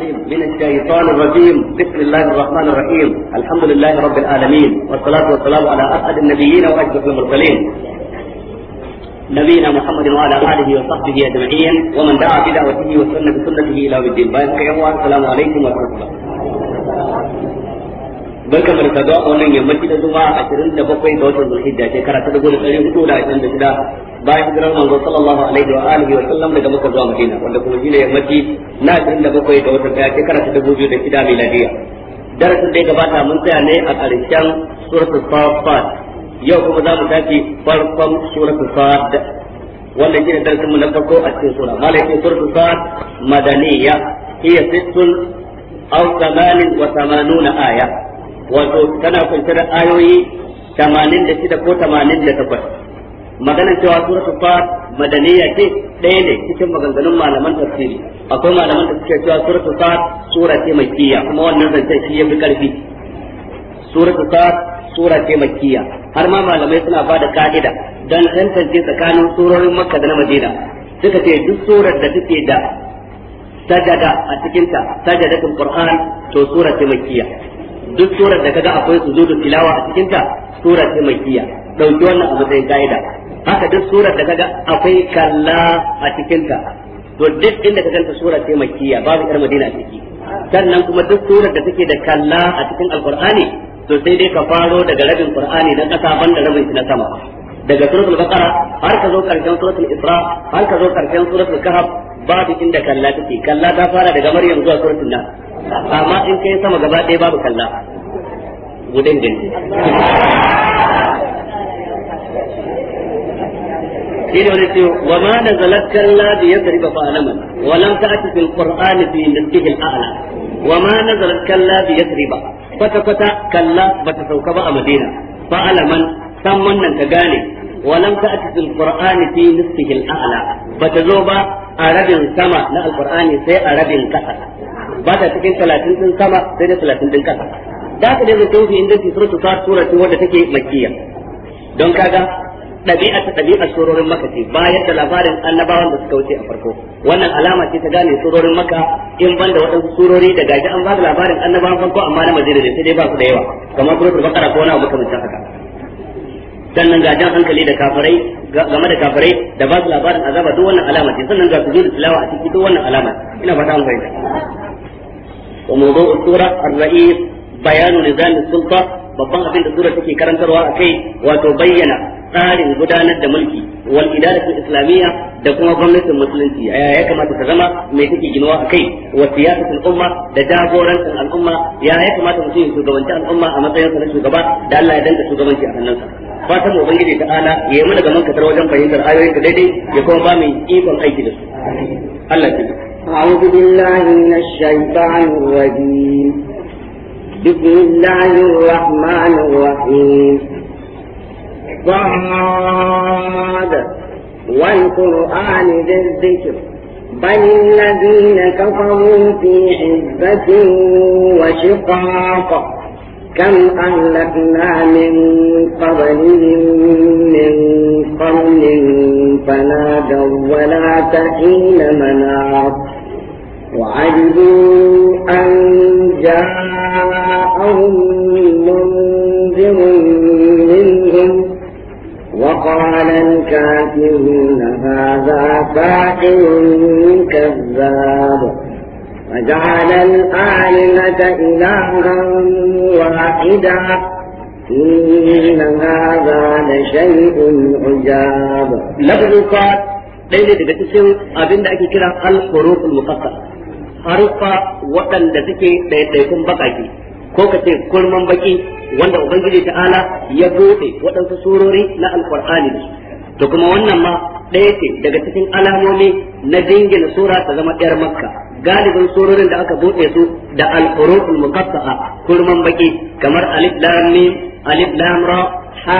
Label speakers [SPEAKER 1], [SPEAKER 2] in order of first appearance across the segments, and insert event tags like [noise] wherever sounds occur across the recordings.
[SPEAKER 1] العليم من الشيطان الرجيم بسم الله الرحمن الرحيم الحمد لله رب العالمين والصلاة والسلام على أسعد النبيين وأشرف المرسلين نبينا محمد وعلى آله وصحبه أجمعين ومن دعا بدعوته وسن بسنته إلى يوم الدين السلام عليكم ورحمة الله barkan mu da saduwa a wannan yammaci da zuma 27 ga watan Zulhijja shekara ta 1426 bayan hijirar manzo sallallahu alaihi wa alihi wa sallam daga Makka zuwa Madina wanda kuma shine yammaci na 27 ga watan daya shekara ta 2006 miladiya darasin da ya gabata mun tsaya ne a karshen suratul Saffat yau kuma za mu tafi farkon suratul Sad wannan shine darasin mu na farko a cikin sura malai ce suratul Sad madaniya hiya sittun aw thamanin wa thamanuna aya wato tana kunshe da ayoyi 86 ko 88 maganar cewa suratul fat madaniya ce ɗaya ne cikin maganganun malaman tafsiri akwai malaman da suke cewa suratul fat sura ce makkiya kuma wannan zance shi yafi karfi suratul fat sura ce makkiya har ma malamai suna bada ka'ida dan tantance tsakanin surorin makka da na madina suka ce duk surar da take da sajada a cikin cikinta sajadatul qur'an to sura ce makkiya duk surar da kaga akwai sujudu tilawa a cikin ta sura ce makkiya dauki wannan a matsayin ka'ida haka duk surar da kaga akwai kalla a cikin ta to duk inda ka ganta surar ce makkiya babu yar madina a ciki sannan kuma duk surar da take da kalla a cikin alqur'ani to sai dai ka faro daga rabin qur'ani dan kasa banda rabin shi na sama daga suratul baqara har ka zo karshen suratul isra har ka zo karshen suratul kahf babu inda kalla take kalla ta fara daga maryam zuwa suratul nas amma in kai sama gaba ɗaya babu kalla gudun din shi ne wani ce wa ma na ladi ya fa alaman wa lam fil qur'ani fi wa ma na ladi ya kwata kwata kalla bata sauka ba a madina fa alaman san wannan ka gane wa lam fil qur'ani fi zo ba a rabin sama na alqur'ani sai a rabin kasa ba ta cikin din sama sai da talatin din kasa da ka zai inda sura ce wadda take don kaga ɗabi'a ta ɗabi'a surorin maka ce bayan da labarin annabawan da suka wuce a farko wannan alama ce ta gane surorin maka in ban da waɗansu surori da gaji an ba da labarin annabawan farko amma na madina ne sai dai ba su da yawa kamar kuma baqara ko kona abu makamancin haka sannan ga jan hankali da kafirai game da kafirai da ba su labarin azaba duk wannan alama ce sannan ga su da tilawa a ciki duk wannan alama ina fata an fahimta wa mawdu'u sura ar-ra'is bayanu nizam as-sulta babban abin da sura take karantarwa akai wato bayyana tsarin gudanar da mulki wal idaratul islamiyya da kuma gwamnatin musulunci aya ya kamata ta zama mai take ginuwa akai wa siyasatul umma da jagorancin al'umma ya ya kamata mutum ya shugabanci al'umma a matsayin sa na shugaba da Allah ya danka shugabanci a hannunsa fatan ubangiji ta ala ya yi mana gaman katar wajen fahimtar ayoyin da daidai ya kuma ba mu ikon aiki da su Allah ya أعوذ بالله
[SPEAKER 2] من الشيطان الرجيم بسم الله الرحمن الرحيم الصاد والقرآن ذي الذكر بل الذين كفروا في عزة وشقاق كم أهلكنا من قبلهم من قرن فنادوا ولا تحين مناط وعجبوا أن جاءهم منذر وقال الكافرون هذا ساحر كذاب وجعل الآلهة إلها واحدا إن هذا لشيء عجاب لفظ
[SPEAKER 1] قال ɗaya daga cikin abin da ake kira al-huruf al-muqatta harufa waɗanda suke ɗaiɗaikun baƙaƙe ko ka ce kurman baki wanda ubangiji ta'ala ya bude waɗansu surori na alqur'ani to kuma wannan ma ɗaya ce daga cikin alamomi na dingina sura ta zama ɗayar makka galibin surorin da aka buɗe su da al-huruful muqatta'a kurman baki kamar alif lam mim alif lam ra ha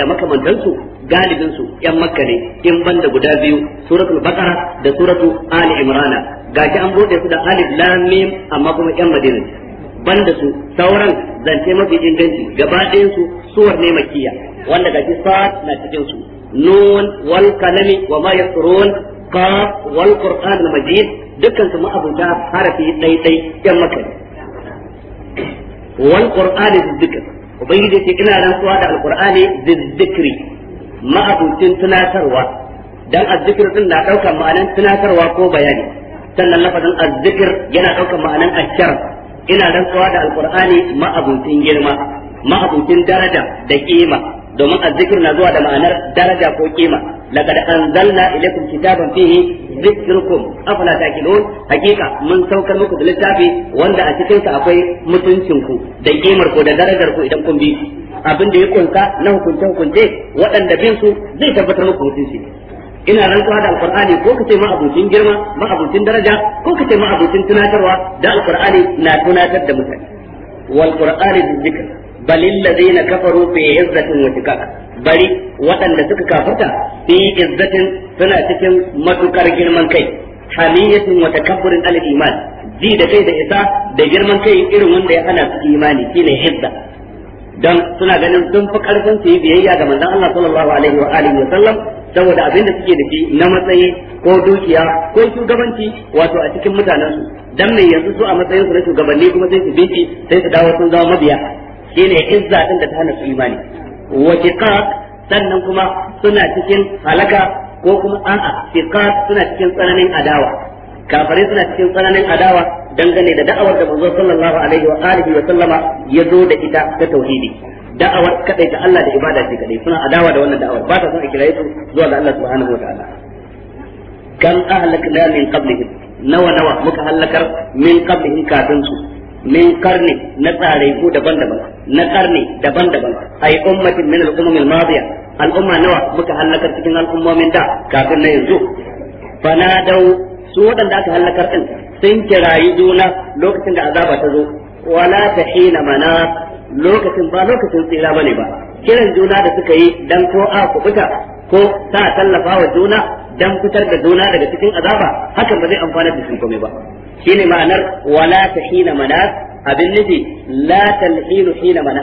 [SPEAKER 1] da makamantansu galibin su yan makka ne in banda guda biyu suratul baqara da suratu ali imrana gashi an buɗe su da alif lam mim amma kuma yan madina banda su sauran zance mafi inganci gaba ɗayan su suwar ne makiya wanda gashi sa'ad na cikin su nun wal kalami wa ma yasrun qaf wal qur'an al majid dukkan su ma'abuta harafi ɗai ɗai yan maka wal qur'an dhikr ubangiji ce ina rantsuwa da alqur'ani dhikri ma'abucin tunatarwa dan azzikir din na daukar ma'anan tunatarwa ko bayani sannan lafazin azzikir yana daukar ma'anan ashar ina rantsuwa da alqur'ani ma'abucin girma ma'abucin daraja da kima domin azzikir na zuwa da ma'anar daraja ko kima laqad anzalna ilaykum kitaban fihi dhikrukum afala taqilun hakika mun saukar muku da littafi wanda a cikin sa akwai mutuncin ku da kimar ku da darajar ku idan kun bi abin da ya kunsa na hukunce hukunce waɗanda bin su zai tabbatar muku mutunci ina rantsuwa da alqur'ani ko kace ma abucin girma ma abucin daraja ko kace ma abucin tunatarwa da alqur'ani na tunatar da mutane wal qur'ani dhikr bal alladhina kafaru fi izzatin wa tikak bari waɗanda suka kafarta fi izzatin suna cikin matukar girman kai hamiyatin wa takabburin al iman ji da kai da isa da girman kai irin wanda ya hana su imani shine hizza dan suna ganin sun fi karfin su yi biyayya ga manzon Allah sallallahu alaihi wa alihi wa sallam saboda abin da suke da shi na matsayi ko dukiya ko shugabanci wato a cikin mutanen su dan ne yanzu su a matsayin su na shugabanni kuma sai su bi sai su dawo sun zama mabiya shine izza din da ta hana su imani wa tiqaq sannan kuma suna cikin halaka ko kuma a'a tiqaq suna cikin tsananin adawa kafare suna cikin tsananin adawa dangane da da'awar da manzo sallallahu alaihi wa alihi wa sallama ya zo da ita ta tauhidi da'awar kadai ta Allah da ibada ce kadai suna adawa da wannan da'awar ba ta son a kiraye su zuwa ga Allah subhanahu wa ta'ala kan la min qablihim nawa nawa muka halakar min qablihim kafin su min karni na tsare ko daban-daban na karni daban-daban ai ummatin min al-umam al-madiya al'umma nawa muka halakar cikin al'ummomin da kafin na yanzu fanadau su waɗanda aka halakar din sun kirayi juna lokacin da azaba ta zo wala ta hina mana lokacin ba lokacin tsira bane ba kiran juna da suka yi dan ko a fita ko ta tallafa wa juna dan fitar da juna daga cikin azaba hakan ba zai amfana da su komai ba shine ma'anar wala ta hina mana abin nufi la talhinu hina mana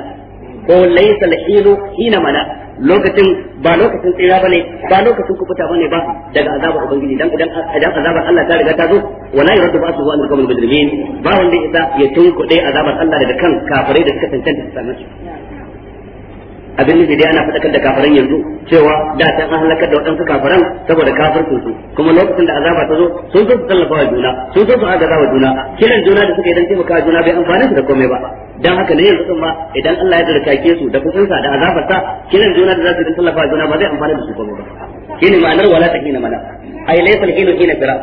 [SPEAKER 1] ko laysa alhinu hina mana lokacin ba lokacin tsira ne ba lokacin kubuta ne ba daga azabar ubangiji dan idan idan azabar Allah ta riga ta zo wala yuraddu ba'su wa al-qawm al-mujrimin ba wanda isa ya kuɗe azabar Allah daga kan kafirai da suka tantance su abin nufi dai ana faɗakar da kafiran yanzu cewa da ta an halakar da waɗansu kafiran saboda kafircin su kuma lokacin da azaba ta zo sun zo su tallafa wa juna sun zo su agaza wa juna kiran juna da suka yi dan taimaka wa juna bai amfane su da komai ba dan haka ne yanzu ma idan Allah ya darkake su da kusansa da ta kiran juna da za su tallafa wa juna ba zai amfane da su komai ba shine ma'anar wala hina mana ai laysa al-hinu hina fira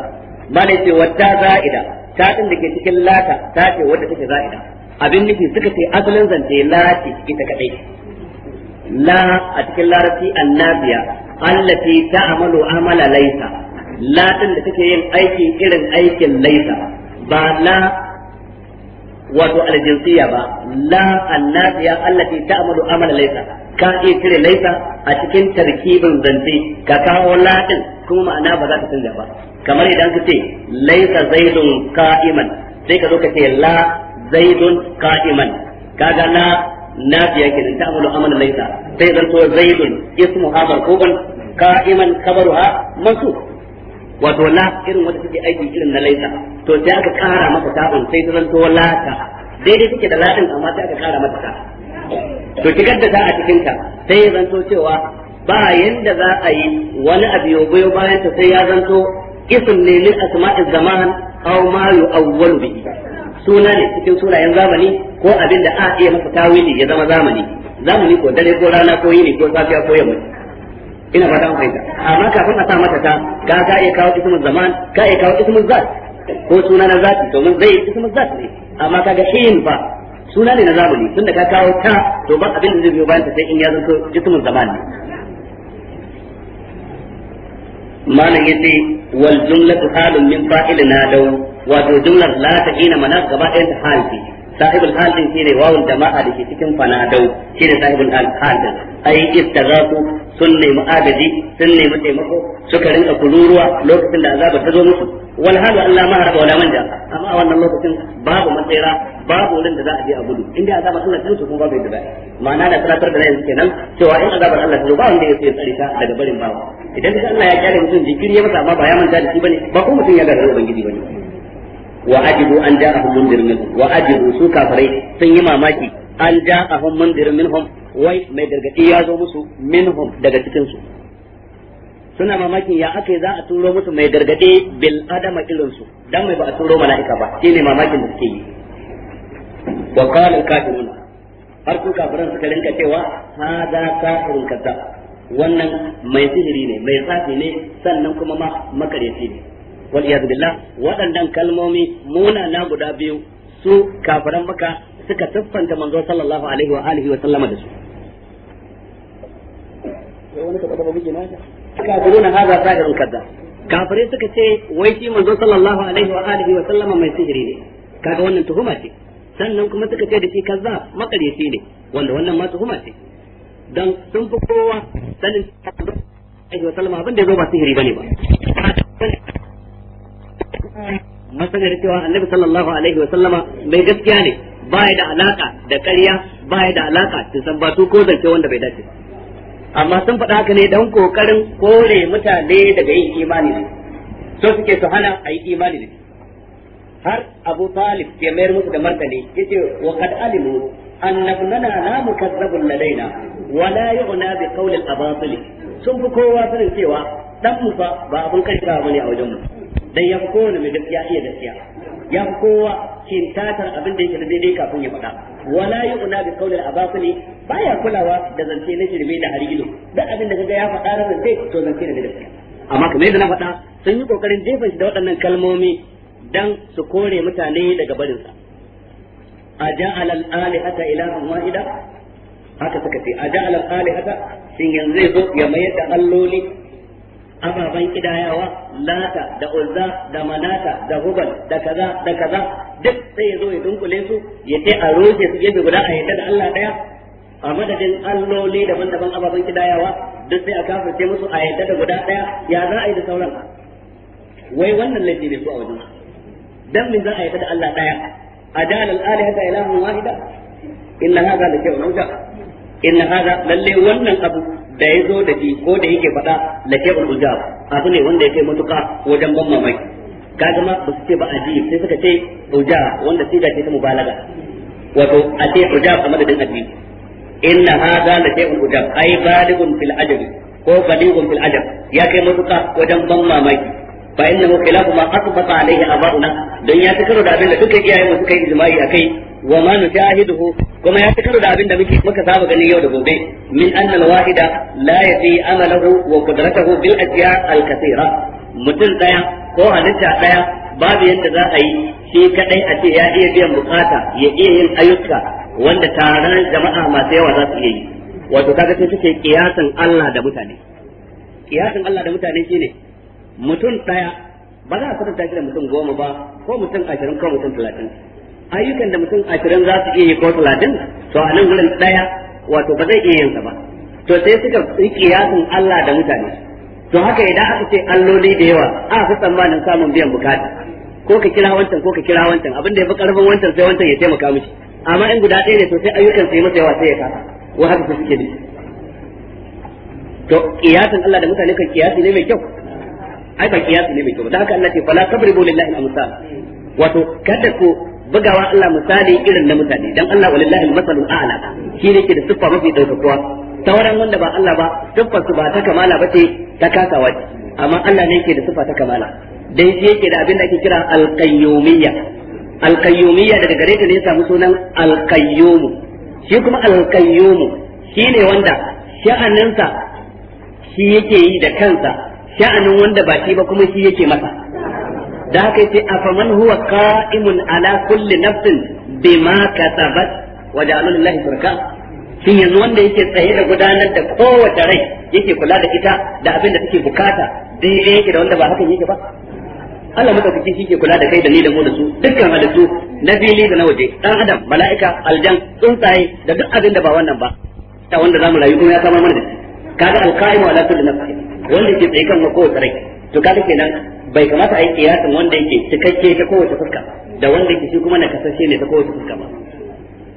[SPEAKER 1] ba ne ce wata za'ida ta din da ke cikin lata ta ce wadda take za'ida abin nufi suka ce asalin zance lati ita kadai la a cikin larabci annabiya allati ta'malu amala laysa la din da take yin aiki irin aikin Laisa. ba la wato aljinsiya ba la annabiya allati ta'malu amala laysa ka iya cire laisa a cikin tarkibin zance ka kawo laɗin kuma ma'ana ba za ka canza ba kamar idan ka ce laisa zaidun ka'iman sai ka zo ka ce la zaidun ka'iman kaga la nafiya kenan ta amalu amalan laysa sai zan to zaidun ismuha marfu'un qa'iman khabaruha mansub wato la irin wanda take aiki irin na laisa to sai aka kara masa ta'un sai ta zanto lata daidai take da latin amma sai aka kara mata ta to kigar da ta a cikin ka sai ya zanto cewa ba yanda za a yi wani abu ya goyo bayan ta sai ya zanto ism ne lil asma'i zaman aw ma yu'awwalu bihi suna ne cikin sunayen zamani ko abin da a iya masa tawili ya zama zamani zamani ko dare ko rana ko yini ko safiya ko yamma ina fata an fahimta amma kafin a sa mata ta ga ka iya kawo ismin zaman ka iya kawo ismin zat ko suna na zati domin zai ismin zat ne amma kaga shin ba suna ne na zamani tunda ka kawo ta to ba abin da zai biyo bayan ta sai in ya zanto ismin zaman ne malam yace wal jumlatu halun min fa'ilina dau. wato jumlar la ta ina mana gaba ɗayan ta hal ce sahibul hal din shine wawun jama'a da ke cikin fanadau shine sahibul hal hal din ai istaghafu sun nemi agaji sun nemi taimako suka rinka kururuwa lokacin da azaba ta zo musu wal halu Allah ma harba wala manja amma a wannan lokacin babu matsayira babu wurin da za a je a gudu inda azaba Allah ta musu kuma babu yadda za a ma'ana da tunatar da nan kenan cewa in azabar Allah ta zo ba wanda ya sai tsari ta daga barin bawa idan Allah ya kyale mutum jikiri ya masa amma ba ya manta da shi bane ba ko mutum ya gagara ubangiji bane wa ajibu an ja'ahum mundir min wa ajibu su kafare sun yi mamaki an ja'ahum mundir minhum wai mai gargadi ya zo musu minhum daga cikin su suna mamaki ya aka za a turo musu mai dargade bil adama irin su dan mai ba a turo mala'ika ba shine mamakin da suke yi wa qala kafiruna har su kafiran suka rinka cewa hada kafirun kaza wannan mai sihiri ne mai tsafi ne sannan kuma ma makareci ne wal billah waɗannan kalmomi muna na guda biyu su kafiran maka suka siffanta manzo sallallahu alaihi wa alihi wa sallama da su kafiruna sa'irun kadda kafire suka ce wai shi manzo sallallahu alaihi wa alihi wa sallama mai sihiri ne kaga wannan tuhuma ce sannan kuma suka ce da shi kaza makaryaci ne wanda wannan ma tuhuma ce dan sun fi kowa sanin alaihi wa sallama abin da ya zo ba sihiri bane ba masalar cewa annabi sallallahu alaihi wa sallama mai gaskiya ne ya da alaka da ƙarya ya da alaka da sambatu ko zance wanda bai dace amma sun faɗa haka ne don kokarin kore mutane daga yin imani ne so suke su hana a yi imani ne har Abu Talib ke mayar musu da martani yace wa qad alimu أن ابننا لا مكذب لدينا bi يغنى بقول الأباطل sun fi kowa sanin cewa dan mu fa ba abin karka ba ne a wajen mu dan ya kowane mai gaskiya iya gaskiya ya kowa kintatar abin da yake da daidai kafin ya faɗa wala yu'na bi qawli al-abasili baya kulawa da zance na shirme da harido duk abin da kaga ya faɗa da zance to zance ne da gaskiya amma kamar yadda na faɗa sun yi kokarin jefa shi da waɗannan kalmomi dan su kore mutane daga barinsa aja'ala al-alihata ilahan wahida haka suka ce aja'ala al-alihata shin yanzu zai zo ya mayar da alloli ababen kidayawa lata da uzza da manata da hubal da kaza da kaza duk sai ya zo ya dunkule su ya ce a roje su gefe guda a yadda da Allah daya a madadin alloli daban-daban ababen kidayawa duk sai a kafirce musu a yadda da guda daya ya za a yi da sauran wai wannan laifi ne ko a wajen dan min za a yadda da Allah daya adana al ta ilahu wahida inna hadha la shay'un ujab inna hadha lalle wannan abu da ya zo da shi ko da yake faɗa la shay'ul ujab abu ne wanda yake matuka wajen ban mamaki kaga ma ba su ce ba a ji sai suka ce ujab wanda da ke ta mubalaga wato a ce ujab a madadin ajib inna hadha la shay'ul ujab ai balighun fil ajab ko balighun fil ajab ya kai matuka wajen ban mamaki fa hu khilafu ma aqbata alayhi aba'una dan ya tikaro da abin da dukkan mu suka yi ijma'i akai wa ma nushahiduhu kuma ya tikaro da abin da muke muka saba gani yau da gobe min anna alwahida wahida la yati amalahu wa qudratuhu bil ajya al mutum daya ko halitta daya babu yadda za a yi shi kadai a ce ya iya biyan bukata ya iya yin ayyuka wanda taron jama'a masu yawa za su iya yi wato kaga sai suke kiyasan Allah da mutane kiyasan Allah da mutane shine mutum ɗaya ba za a kwatanta shi da mutum goma ba ko mutum ashirin ko mutum talatin ayyukan da mutum ashirin za su iya yi ko talatin to a nan wurin ɗaya wato ba zai iya yinsa ba to sai suka yi kiyasin Allah da mutane to haka idan aka ce alloli da yawa a fi tsammanin samun biyan bukata ko ka kira wancan ko ka kira wancan abin da ya fi karfin wancan sai wancan ya taimaka miki amma in guda ɗaya ne to sai ayyukan sai masa yawa sai ya kasa wa haka suke da to kiyasin Allah da mutane kan kiyasi ne mai kyau ai ba kiyasi ne mai kyau da haka Allah ce fala tabribu lillahi al-amsal wato kada ku bugawa Allah misali irin na mutane dan Allah walillahi al-masalu a'la shi ne ke da siffa mafi daukakuwa sauran wanda ba Allah ba siffar su ba ta kamala ba ce ta kasawa amma Allah ne ke da siffa ta kamala dan shi yake da abin da ake kira al-qayyumiyya al-qayyumiyya daga gare ta ne ya samu sunan al-qayyum shi kuma al-qayyum ne wanda sha'aninsa shi yake yi da kansa sha'anin wanda ba shi ba kuma shi yake masa da haka yace afaman huwa qa'imun ala kulli nafsin bima katabat wa ja'alul lahi shuraka shin yanzu wanda yake tsaye da gudanar da kowace rai yake kula da ita da abin da take bukata da yake da wanda ba hakan yake ba
[SPEAKER 2] Allah madaukaki shi ke kula da kai da ni da mu da
[SPEAKER 1] su dukkan halittu na fili da na waje dan adam mala'ika aljan tsuntsaye da duk abin da ba wannan ba ta wanda zamu rayu kuma ya samar mana da shi
[SPEAKER 2] kaga alqaimu ala kulli
[SPEAKER 1] nafsin wanda ke tsaye kan kowace rai to ke nan bai kamata a yi kiyasin wanda yake cikakke ta kowace fuska da wanda yake shi kuma na kasashe ne ta kowace fuska ba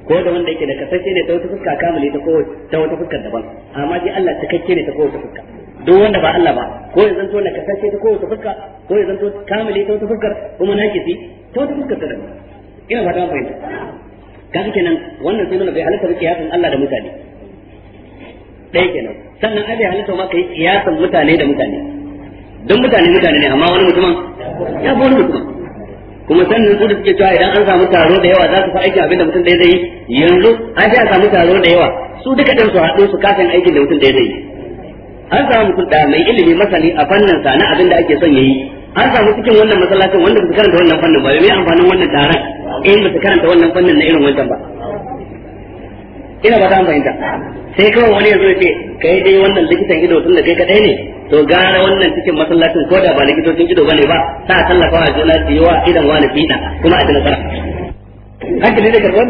[SPEAKER 1] ko da wanda yake na kasashe ne ta wata fuska kamale ta kowace ta wata fuska daban amma dai Allah cikakke ne ta kowace fuska duk wanda ba Allah ba ko ya zanto na kasashe ta kowace fuska ko ya zanto kamale ta wata fuska kuma na fi ta wata fuska ta daban ina fata mun fahimta kaga kenan wannan sai nuna bai halatta ba kiyasin Allah da mutane ɗaya kenan sannan ai bai halatta ma kai kiyasan mutane da mutane don mutane mutane ne amma wani mutumin ya fi wani mutumin kuma sannan su da suke cewa idan an samu taro da yawa za su fi aikin abin da mutum ɗaya zai yi yanzu an sai a samu taro da yawa su duka ɗin su haɗu su kasan aikin da mutum ɗaya zai yi an samu mutum ɗaya mai ilimi masani a fannin sa na abin da ake son ya yi an samu cikin wannan masallacin wanda ba su karanta wannan fannin ba bai amfanin wannan taron in ba su karanta wannan fannin na irin wancan ba ina ba ta an fahimta sai kawai wani ya zo ce kai dai wannan likitan ido tun da kai kadai ne to gara wannan cikin masallacin ko da ba likitocin ido bane ba sa tallafa wa juna da yawa idan wani fiɗa kuma a ji nasara haka ne da karɓar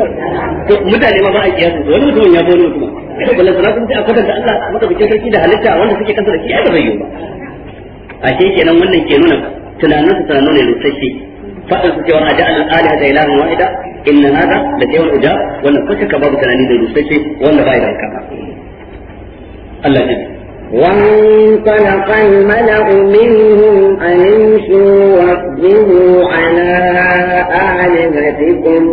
[SPEAKER 1] to mutane ma ba a kiyasu wani mutumin ya zo wani mutumin to ballan sana kuma sai a kwatanta Allah maka bikin sarki da halitta wanda suke kansa da shi ai ba zai yiwu ba ashe kenan wannan ke nuna tunanin su tunanin ne lissashi faɗin su cewa a ja'alul alihi da ilahan wahida inna hada da shay'un ujab wannan ko shakka babu tunani da rusace wanda bai da kafa Allah ya
[SPEAKER 2] وانطلق الملأ منهم أن امشوا واصبروا على آلهتكم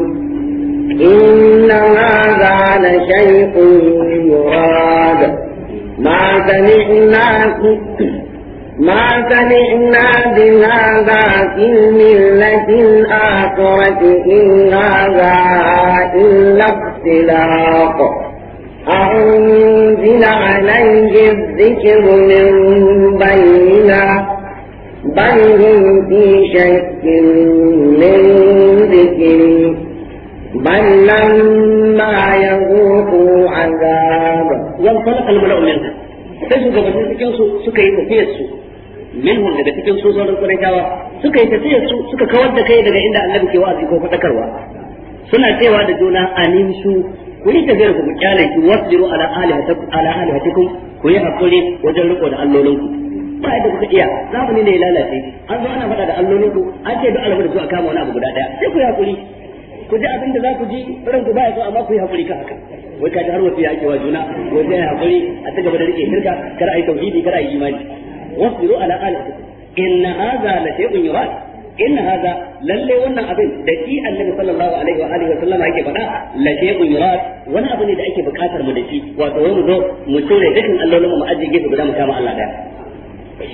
[SPEAKER 2] إن هذا لشيء يراد ما سمعنا ما سمعنا بهذا في الملة الآخرة إن هذا إلا اختلاق أنزل عليه الذكر من بيننا بل هم في شك من ذكر بل لما يذوقوا
[SPEAKER 1] عذاب ينطلق الملأ منها sai shugabannin cikin su suka yi tafiyar su minhum daga cikin su sauran quraishawa suka yi tafiya su suka kawar da kai daga inda annabi ke wa'azi ko fadakarwa suna cewa da juna aminsu ku yi tafiyar ku kyale ku wasbiru ala alihatikum ala alihatikum ku yi hakuri wajen riko da allolinku ba da kuka iya zamani ne lalace an zo ana faɗa da allolinku an ce duk alamu da su a kama wani abu guda daya sai ku yi hakuri ku ji abin da za ku ji ranku baya so amma ku yi hakuri ka haka wai ka ji har wasu ya ake wa juna wai sai hakuri a ta gaba da rike shirka kar a yi tauhidi kar a yi imani wasbiru ala alatikum inna hadha la shay'un yurad inna hadha lalle wannan abin da shi annabi sallallahu alaihi wa alihi wa faɗa la shay'un wani abu ne da ake bukatar mu da shi wato wani zo mu tura dukkan allolin mu ajiye gefe guda mu kama Allah daya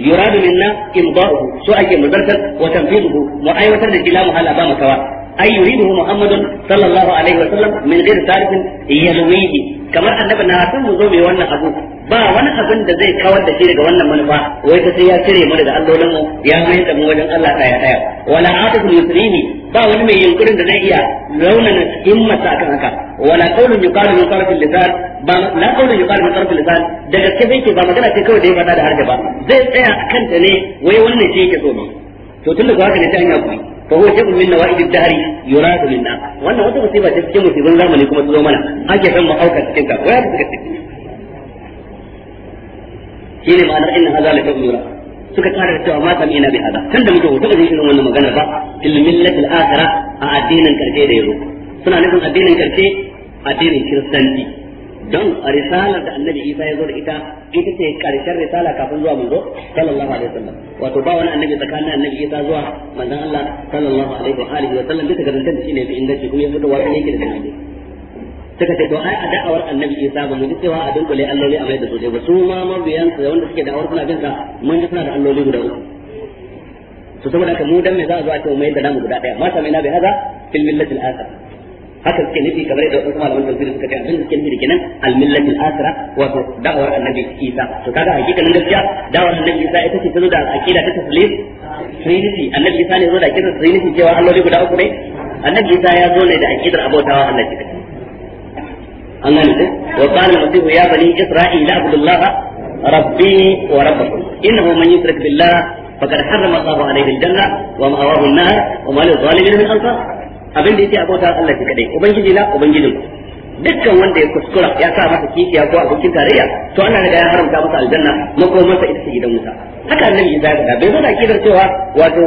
[SPEAKER 1] yuradu minna imda'uhu so ake muzartar wa tanfiduhu mu aiwatar da kila hala ba kawa ay yuriduhu muhammadun sallallahu alaihi wa sallam min tarifin yalwihi kamar annabi na san mu zo mai wannan abu ba wani abin da zai kawar da shi daga wannan manufa wai ta sai ya cire mu daga allolin mu ya mai da mu wajen Allah daya daya wala atu yusrini ba wani mai yunkurin da zai iya launana himmata akan haka wala qawlun yuqalu min tarfil lisan ba la qawlun yuqalu min tarfil lisan da gaske ke ba magana ce kawai da ya faɗa da harda ba zai tsaya akan ta ne wai wannan shi yake so ne to tun da haka ne ta hanya kuma فهو شيء من نوائب الدهر يراد منا وانا وقت مصيبة تسكي مصيبة لا من يكون مصيبة منا أجي فما أوكا تسكيك ويا كيني ما معنى ان هذا لشيء يراد suka kara cewa ma sami ina bi hada kan muke muka hoto da irin wannan magana ba fil millati al akhirah a addinin karshe da yazo suna nufin addinin karshe addinin kiristanci don risalar da annabi isa ya zo da ita ita ce karshen risala kafin zuwa manzo sallallahu alaihi wasallam wato ba wani annabi tsakanin annabi isa zuwa manzon Allah sallallahu alaihi wa alihi wa sallam bisa ga dantan shine bi inda ke kuma yanzu wani yake da dalili suka ce to ai a da'awar annabi isa ba mu ji cewa a dunkule alloli a mai da sosai ba su ma mabiyansa da wanda suke da'awar suna bin sa mun ji suna da alloli guda uku to saboda haka mu dan me za a zo a ce mai da namu guda daya ma sami na bi hada fil millatil akhir haka suke nufi kamar yadda wasu malaman tafsir suka kai abin da suke nufi da kenan al-millati al-akhira wato da'awar annabi Isa to kaga hakikanin gaskiya da'awar annabi Isa ita ce tana da aqida ta taslim trinity annabi Isa ne zo da aqidar trinity cewa alloli guda uku ne annabi Isa ya zo ne da aqidar abotawa Allah shi kadai
[SPEAKER 2] an gane ne wa qala
[SPEAKER 1] al-masih ya bani isra'ila abdullah rabbi wa rabbukum innahu man yushrik billah faqad harrama Allahu alayhi al-janna wa ma'awahu an-nar wa ma lil-zalimin min ansar abin da yake a bauta Allah shi kadai ubangiji na ubangijin dukkan wanda ya kuskura ya sa masa kishiya ko abokin tarayya to ana da ya haramta masa aljanna makomarsa ita ce gidan musa. haka annabi Isa ya faɗa bai zo da kidar cewa wato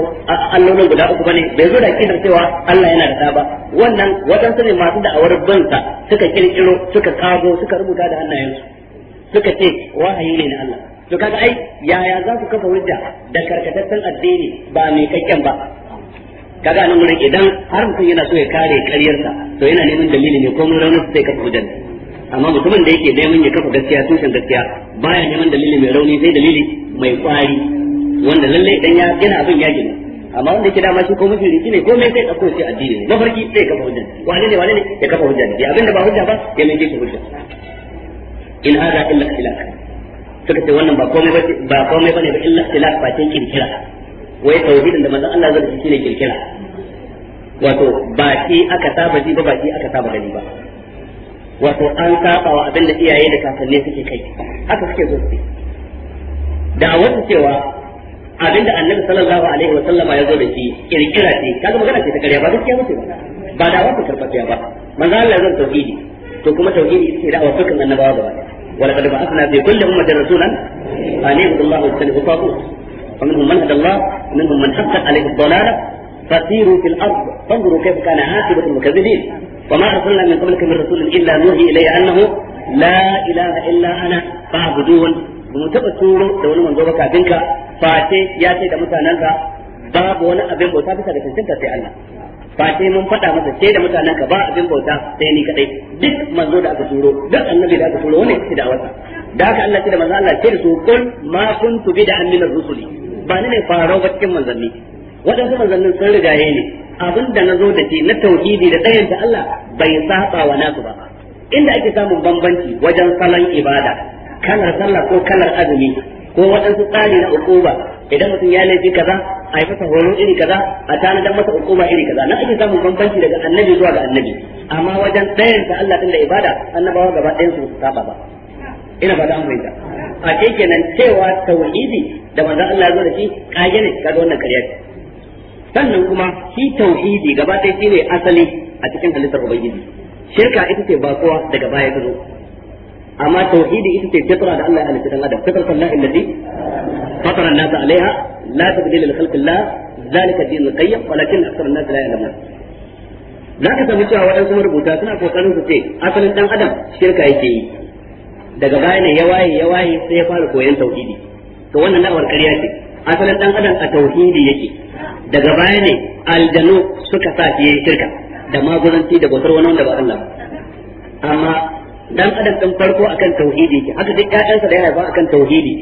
[SPEAKER 1] allolin guda uku bane bai zo da kidar cewa Allah yana da ba wannan wajen sune masu da'awar bansa suka kirkiro suka kago suka rubuta da hannayensu suka ce wahayi ne na Allah to kaga ai yaya za ku kafa wajja da karkataccen addini ba mai kakken ba kaga nan wurin idan har mutum yana so ya kare karyarsa to yana neman dalili ne ko mun raunin sai kafa hujjar amma mutumin da yake neman ya kafa gaskiya tushen gaskiya baya neman dalili mai rauni sai dalili mai kwari wanda lalle idan ya gina abin ya gina amma wanda yake dama shi ko mushriki ne ko mai sai tsako shi addini ne mafarki sai kafa hujja wane ne wane ne ya kafa hujja abin da ba hujja ba ya mai shi hujja in hada illa ikhtilaf suka ce wannan ba komai ba ba komai bane ba illa ikhtilaf ba sai kirkira wai tauhidin da manzon Allah zai shi ne kirkira wato ba shi aka saba ji ba ba shi aka saba gani ba wato an saba wa abin da iyaye da kakanni suke kai haka suke so su da wasu cewa abin da annabi sallallahu alaihi wa sallama ya zo da shi kirkira ce kaga magana ce ta ƙarya ba gaskiya bace ba da wata karfafiya ba manzo Allah zan tauhidi to kuma tauhidi ita ce wata kan annabawa gaba Wala ولقد بعثنا في كل أمة رسولا أن يعبدوا الله واجتنبوا الطاغوت فمنهم من هدى الله ومنهم من حقت عليه الضلالة فسيروا في الأرض فانظروا كيف كان عاقبة المكذبين وما أرسلنا من قبلكم من رسول إلا نوحي إليه أنه لا إله إلا أنا فاعبدون da wani manzo ba kafin ka face ya waɗansu manzannin sun rigaye ne abin da na zo da shi na tauhidi da tsayin da Allah bai saba wa nasu ba inda ake samun bambanci wajen salon ibada kalar sallah ko kalar azumi ko waɗansu tsari na ukuba idan mutum ya laifi kaza a yi masa horo iri kaza a tanadar masa ukuba iri kaza na ake samun bambanci daga annabi zuwa ga annabi amma wajen tsayin da Allah din da ibada annabawa gaba ɗayan su saba ba ina ba da fahimta a ce kenan cewa tauhidi da manzon Allah ya zo da shi kage ne ga wannan kariya sannan kuma shi tauhidi gaba ɗaya shi ne asali a cikin halittar ubangiji shirka ita ce bakowa daga baya ta amma tauhidi ita ce fitra da Allah ya halitta dan adam fitrata Allah allati fatara an-nas alaiha la tabdila li khalqillah zalika din al-qayyim walakin aktsara an-nas la ya'lamun zaka samu cewa waɗansu marubuta suna kokarin su ce asalin dan adam shirka yake yi daga baya ne ya waye ya waye sai ya fara koyon tauhidi to wannan na'awar ƙarya ce asalin dan adam a tauhidi yake daga baya ne aljanu suka sa shi yayin shirka da maguzanci da bautar wani wanda ba Allah amma dan adam din farko akan tauhidi yake haka duk sa da ya ba akan tauhidi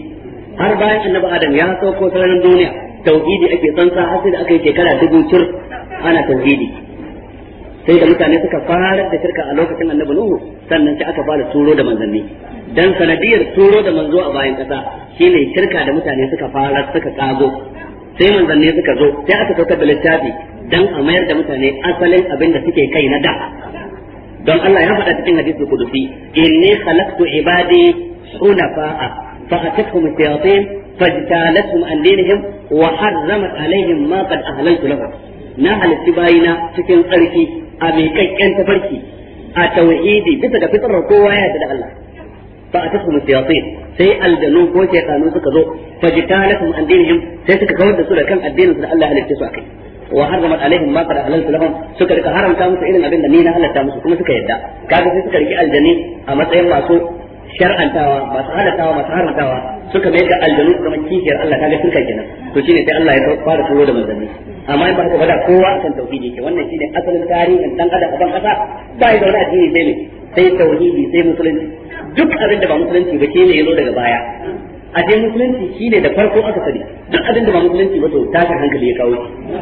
[SPEAKER 1] har bayan annabi adam ya sauko sararin duniya tauhidi ake tsantsa har sai da aka yi shekara dubu cir ana tauhidi sai da mutane suka fara da shirka a lokacin annabi nuhu sannan sai aka fara turo da manzanni dan sanadiyar turo da manzo a bayan kasa shine kirka da mutane suka fara suka kago sai manzanni suka zo sai aka saukar da littafi dan a mayar da mutane asalin abin da suke kai na da don Allah ya faɗa cikin hadisi kudusi inni khalaqtu ibadi hunafa'a fa atakhum shayatin fajtalatum an dinihim wa harrama alaihim ma qad ahlaltu lahum na halitti bayina cikin sarki a mai kakken tafarki a tauhidi bisa ga fitrar kowa ya da Allah fa atatuhum shayatin sai aljanu ko shaytanu suka zo fajtalakum an dinihim sai suka kawar da su da kan addinin su Allah halitta su akai wa haramat alaihim ma qad halaltu lahum suka rika haramta musu irin abin da ni na halatta musu kuma suka yadda kaga sai suka riki aljani a matsayin masu shar'antawa masu halattawa masu haramtawa suka mai da aljanu kamar kishiyar Allah kaga shirka kenan to shine sai Allah ya fara turo da manzanni amma in ba haka ba da kowa akan tauhidi yake wannan shine asalin tarihin dan a ban zaune a cikin sai tauhidi sai musulunci duk abin da ba musulunci ba shine yazo daga baya a dai musulunci shine da farko aka sani duk abin da ba musulunci ba to tashin hankali ya kawo shi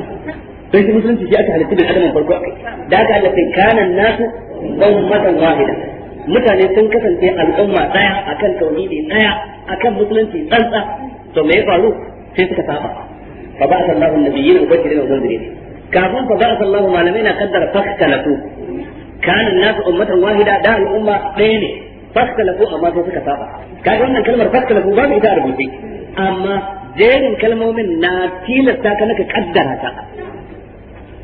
[SPEAKER 1] don shi musulunci shi aka halitta da adamin farko akai da aka Allah sai kanan nasu ummatan wahida mutane sun kasance al'umma daya akan tauhidi daya akan musulunci tsantsa to me ya faru sai suka saba fa ba'atha Allahu an-nabiyyin da wa mundirin kafin fa ba'atha Allahu malamai na kaddara fakkalatu kanan nasu ummatan wahida da al'umma daya ne Fasalafu amma sai suka saba kaga wannan kalmar fasalafu ba mu ita a rubuce amma jerin kalmomin na tilasta ka naka kaddara ta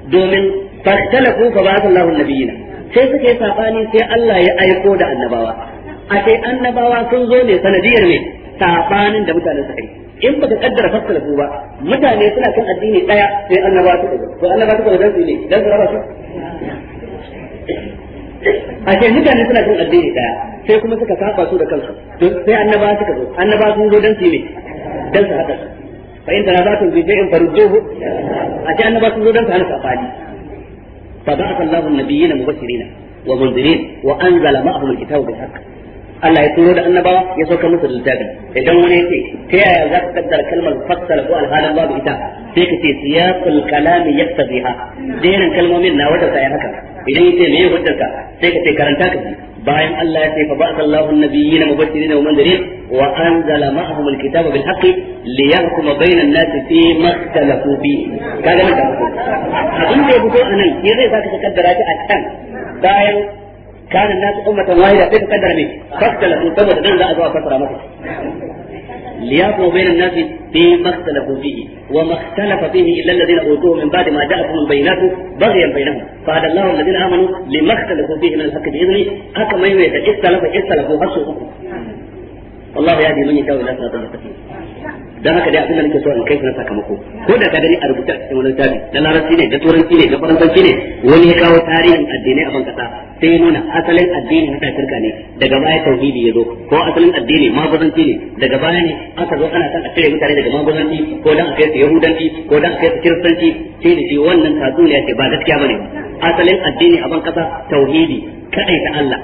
[SPEAKER 1] domin fasalafu fa ba Allahu nabiyina sai suka yi sabani sai Allah ya aiko da annabawa a sai annabawa sun zo ne sanadiyar ne sabanin da mutanen suka yi in baka kaddara fasalafu ba mutane suna kan addini daya sai annabawa suka zo to annabawa suka zo dan su ne dan su raba su a ce mutane suna cin addini daya sai kuma suka saba su da kansu sai annaba suka zo annaba sun zo dan su ne dan su hada fa in tanazatu bi faru farudduhu a ce annaba sun zo dan su hana sabani fa ba'atha Allahu an-nabiyyina mubashirina wa munzirin wa anzala ma'ahum al bil haqq Allah ya turo da annabawa ya sauka musu littafi idan wani yace ta yaya za ka kaddara kalmar fassara ko alhalan babu ita sai ka ce siyaqul kalami yaktabiha dairin kalmomin na wata sai haka idan yace me ya hujjarka sai ka ce karanta ka bayan Allah ya ce fa ba'atha Allahu an-nabiyina mubashirin wa mundirin wa anzala ma'ahum al-kitaba bil haqqi liyahkuma bayna an-nasi fi ma ikhtalafu kaga nan abin da ya fito anan ke zai saka ka kaddara a bayan kana nasu ummatan wahida sai ka kaddara ne fa ikhtalafu saboda dan za a zo a
[SPEAKER 3] maka ليقوا بين
[SPEAKER 1] الناس بما اختلفوا فيه وما اختلف فيه الا الذين اوتوه من بعد ما جاءتهم البينات بغيا بينهم فهدى الله الذين امنوا لما اختلفوا فيه من الحق باذنه حتى ما يميت اختلف اختلفوا حسوا والله يهدي من يشاء الى صراط المستقيم dan haka dai abin da nake so in kai na sakamako ko da ka gani a rubuta a cikin wani tabi da larabci ne da turanci ne da faransanci ne wani ya kawo tarihin addinai a ban kasa sai nuna asalin addini na shirka ne daga baya tauhidi ya zo ko asalin addini maguzanci ne daga baya ne aka zo ana son a cire mutane daga maguzanci ko dan a su yahudanci ko dan a kai su kiristanci sai da shi wannan tatsuniya ce ba gaskiya bane asalin addini a ban kasa tauhidi kadai ta Allah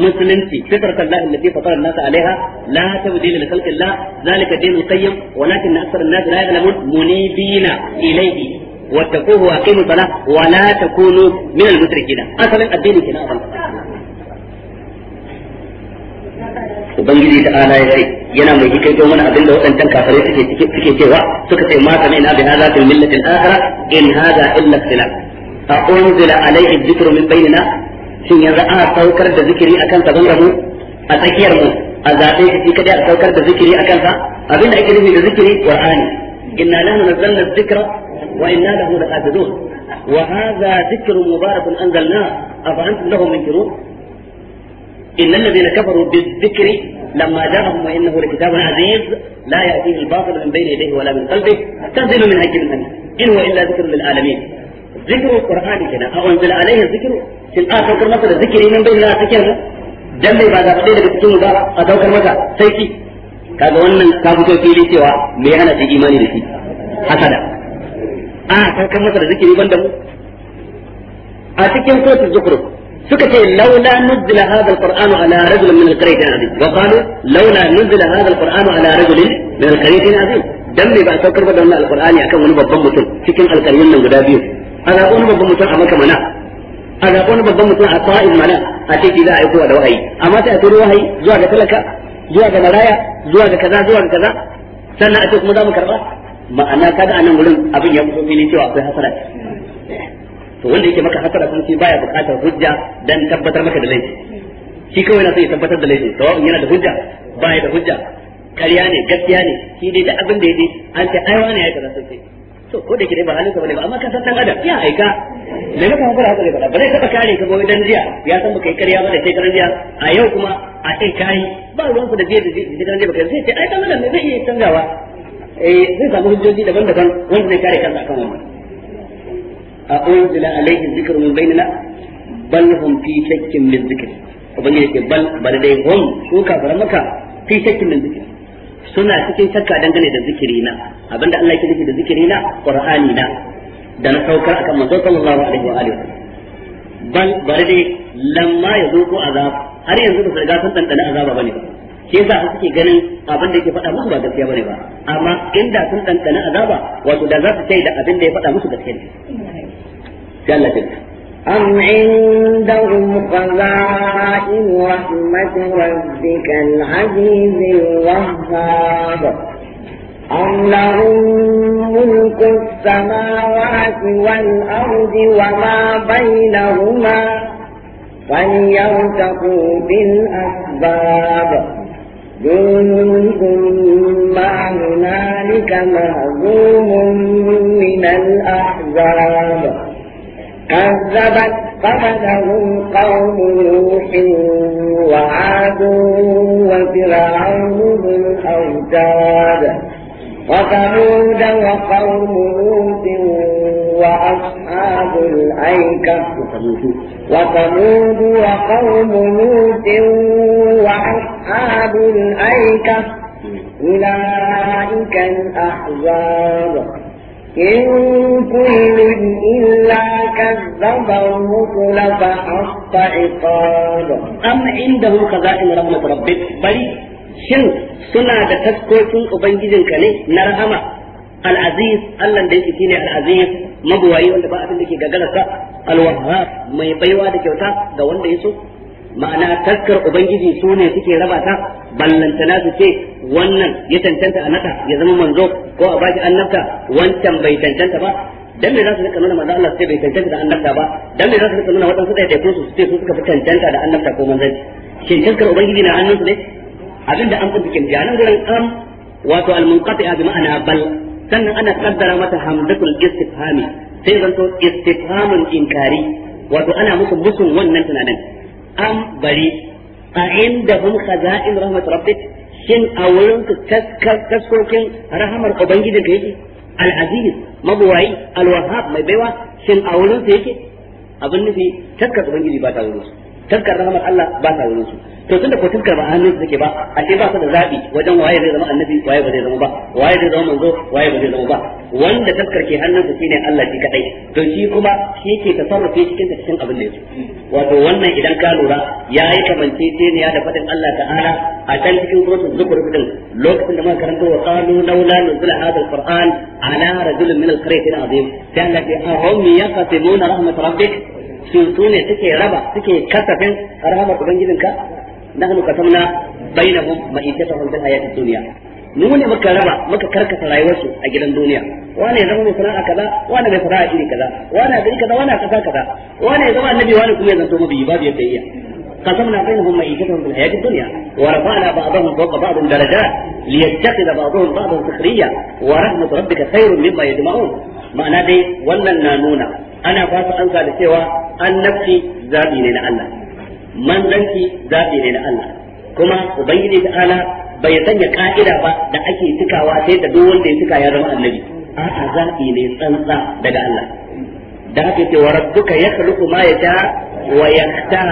[SPEAKER 1] musulunci fitrata Allah allati fatara an-nas alaiha la tabdila li khalqillah zalika dinul qayyim walakin aktsara an-nas la ya'lamun munibina ilayhi wattaquhu wa aqimu salah wa la takunu min al-mushrikeen asalin addini kenan a ubangiji da ala ya sai yana mai hikaito mana da waɗancan kafare suke suke cewa suka ce ma sami'na bi hadha fil millati al-akhirah in hadha illa ikhtilaf a unzila alayhi dhikru min bainina shin yanzu ana saukar da zikiri akan sa ban rabu a tsakiyar mu a zaɓe shi kadai a saukar da zikiri akan sa abinda ake nufi da zikiri qur'ani inna nahnu nazzalna dhikra وإنا له لحافظون وهذا ذكر مبارك أنزلناه أفأنتم له منكرون إن الذين كفروا بالذكر لما جاءهم وإنه لكتاب عزيز لا يأتيه الباطل من بين يديه ولا من قلبه تنزل من حكيم حميد إن هو إلا ذكر للعالمين ذكر القرآن كنا أو أنزل عليه الذكر في الآخر كرمة الذكر من بين لا تكره جنبي بعد قليل بتكون بقى أدوكر ماذا سيكي kaga wannan كابتو في لسوا ميانا في yana لسي حسنا a kan kan masa da zikiri banda mu a cikin suratul zukhruf suka ce laula nuzila hadha alquran ala rajul min alqaryatin azim wa qalu laula nuzila hadha alquran ala rajul min alqaryatin azim dan me ba a saukar da wannan alqurani akan wani babban mutum cikin alqaryatin nan guda biyu a zaɓi wani babban mutum a maka mana a zaɓi wani babban mutum a ta'in mana a ce za a yi kowa da wahayi amma sai a turo wahayi zuwa ga talaka zuwa ga maraya zuwa ga kaza zuwa ga kaza sannan a ce kuma za mu karɓa ma'ana kaga nan wurin abin ya fito fili cewa akwai hasara to wanda yake maka hasara kun ce baya bukatar hujja dan tabbatar maka da laifi shi kawai na sai tabbatar da laifi sawa'un yana da hujja baya da hujja kariya ne gaskiya ne shi dai da abin da yake an ce ai wani ya kaza sosai. to ko da ke dai ba halin ka bane ba amma ka san dan adam ya aika da maka hakura haka ne ba ba ka kare ka ba dan jiya ya san baka yi kariya ba da sai karan jiya a yau kuma a kai kai ba ruwan da jiya da jiya da jiya ba kai sai ai dan adam ne zai iya canzawa eh zai samu hujjoji daban-daban wanda zai kare kansa akan wannan a unzila alaihi dhikru min bainina bal hum fi shakkin min dhikri ubangiji ce bal bal dai hum su kafiran maka fi shakkin min dhikri suna cikin shakka dangane da zikiri na abinda Allah yake nufi da zikiri na qur'ani na da na saukar akan manzo sallallahu alaihi wa alihi bal bal dai lamma yazuqu azab har yanzu ba su riga sun dandana azaba bane ba shi yasa su suke ganin abin da yake faɗa musu ba gaskiya bane ba amma inda sun ɗanɗana azaba wato da za su sai da abin da ya faɗa musu gaskiya ne
[SPEAKER 3] sai
[SPEAKER 1] Allah ya
[SPEAKER 2] أم عندهم خزائن رحمة ربك العزيز الوهاب أم لهم ملك السماوات والأرض وما بينهما فليرتقوا بالأسباب جند مع هنالك مهزوم من الأحزاب كذبت قبلهم قوم نوح وعاد وفرعون ذو الأوتاد وثمود وقوم لوط وأصحاب الأيكة وثمود وقوم لوط وأصحاب الأيكة أولئك الأحزاب إن كل إلا كذب
[SPEAKER 1] الرسل فحق عقاب أم عنده خزائن رحمة ربك بل shin suna da taskokin ubangijinka ne na rahama al'aziz Allah da yake shine al'aziz mabuwayi wanda ba abin da ke sa alwahhab mai baiwa da kyauta ga wanda ya so ma'ana taskar ubangiji su ne suke raba ta ballantana su ce wannan ya tantanta a nata ya zama manzo ko a baki annabta wancan bai tantanta ba dan me za su rika nuna manzo Allah sai bai tantanta da annabta ba dan me za su rika nuna wadansu da yake su sai su suka fi tantanta da annabta ko manzanci shin taskar ubangiji na hannun su ne abinda an fi bikin jana gurin am wato al-munqati'a bi ma'ana bal sannan ana kaddara mata hamzatul istifhami sai zanto istifhamun inkari wato ana musu musun wannan tunanin am bari a inda hum khaza'in rahmat rabbik shin a wurin ka kaskokin rahamar ubangiji ka yake al-aziz mabuwai al-wahhab mai baiwa shin a wurin sa yake abin nufi takkar ubangiji ba ta wurin su taskar rahmar Allah ba ta wurin su to tunda ko taskar ba hannun su take ba a ce ba su da zabi wajen waye zai zama annabi waye ba zai zama ba waye zai zama manzo waye ba zai zama ba wanda taskar ke hannun su shine Allah shi kadai to shi kuma shi yake tasarrufi cikin ta cikin abin da yake wato wannan idan ka lura yayi ne ya da fadin Allah ta'ala a can cikin suratul zukhruf din lokacin da muka karanta wa qalu laula nuzila hadha alquran ala rajulin min alqaryatin azim sai Allah ya ahum yaqtimuna rahmat rabbik shin su ne suke raba suke kasafin rahamar ubangijinka nahnu qasamna bainahum ma'ishatahum fil hayatid dunya mu ne muka raba muka karkata rayuwarsu a gidan duniya wane ya zama mai sana'a kaza wane mai sana'a iri kaza wane a gari kaza wane a kasa kaza wane ya zama annabi wane kuma ya zanto mabiyi babu yadda iya قسمنا بينهم معيشتهم في الحياة الدنيا ورفعنا بعضهم فوق بعض درجات ليتخذ بعضهم بعضا سخريا ورحمة ربك خير مما يجمعون معناه دي ولا نانونا ana ba su ansa da cewa annabci zaɓi ne na Allah manzanci zabi ne na Allah kuma ubangiji ta'ala bai sanya ka'ida ba da ake cikawa sai da duk wanda ya cika ya zama annabi a'a zaɓi ne tsantsa daga Allah da haka ce wa rabbuka yakhluqu ma yasha wa yaktar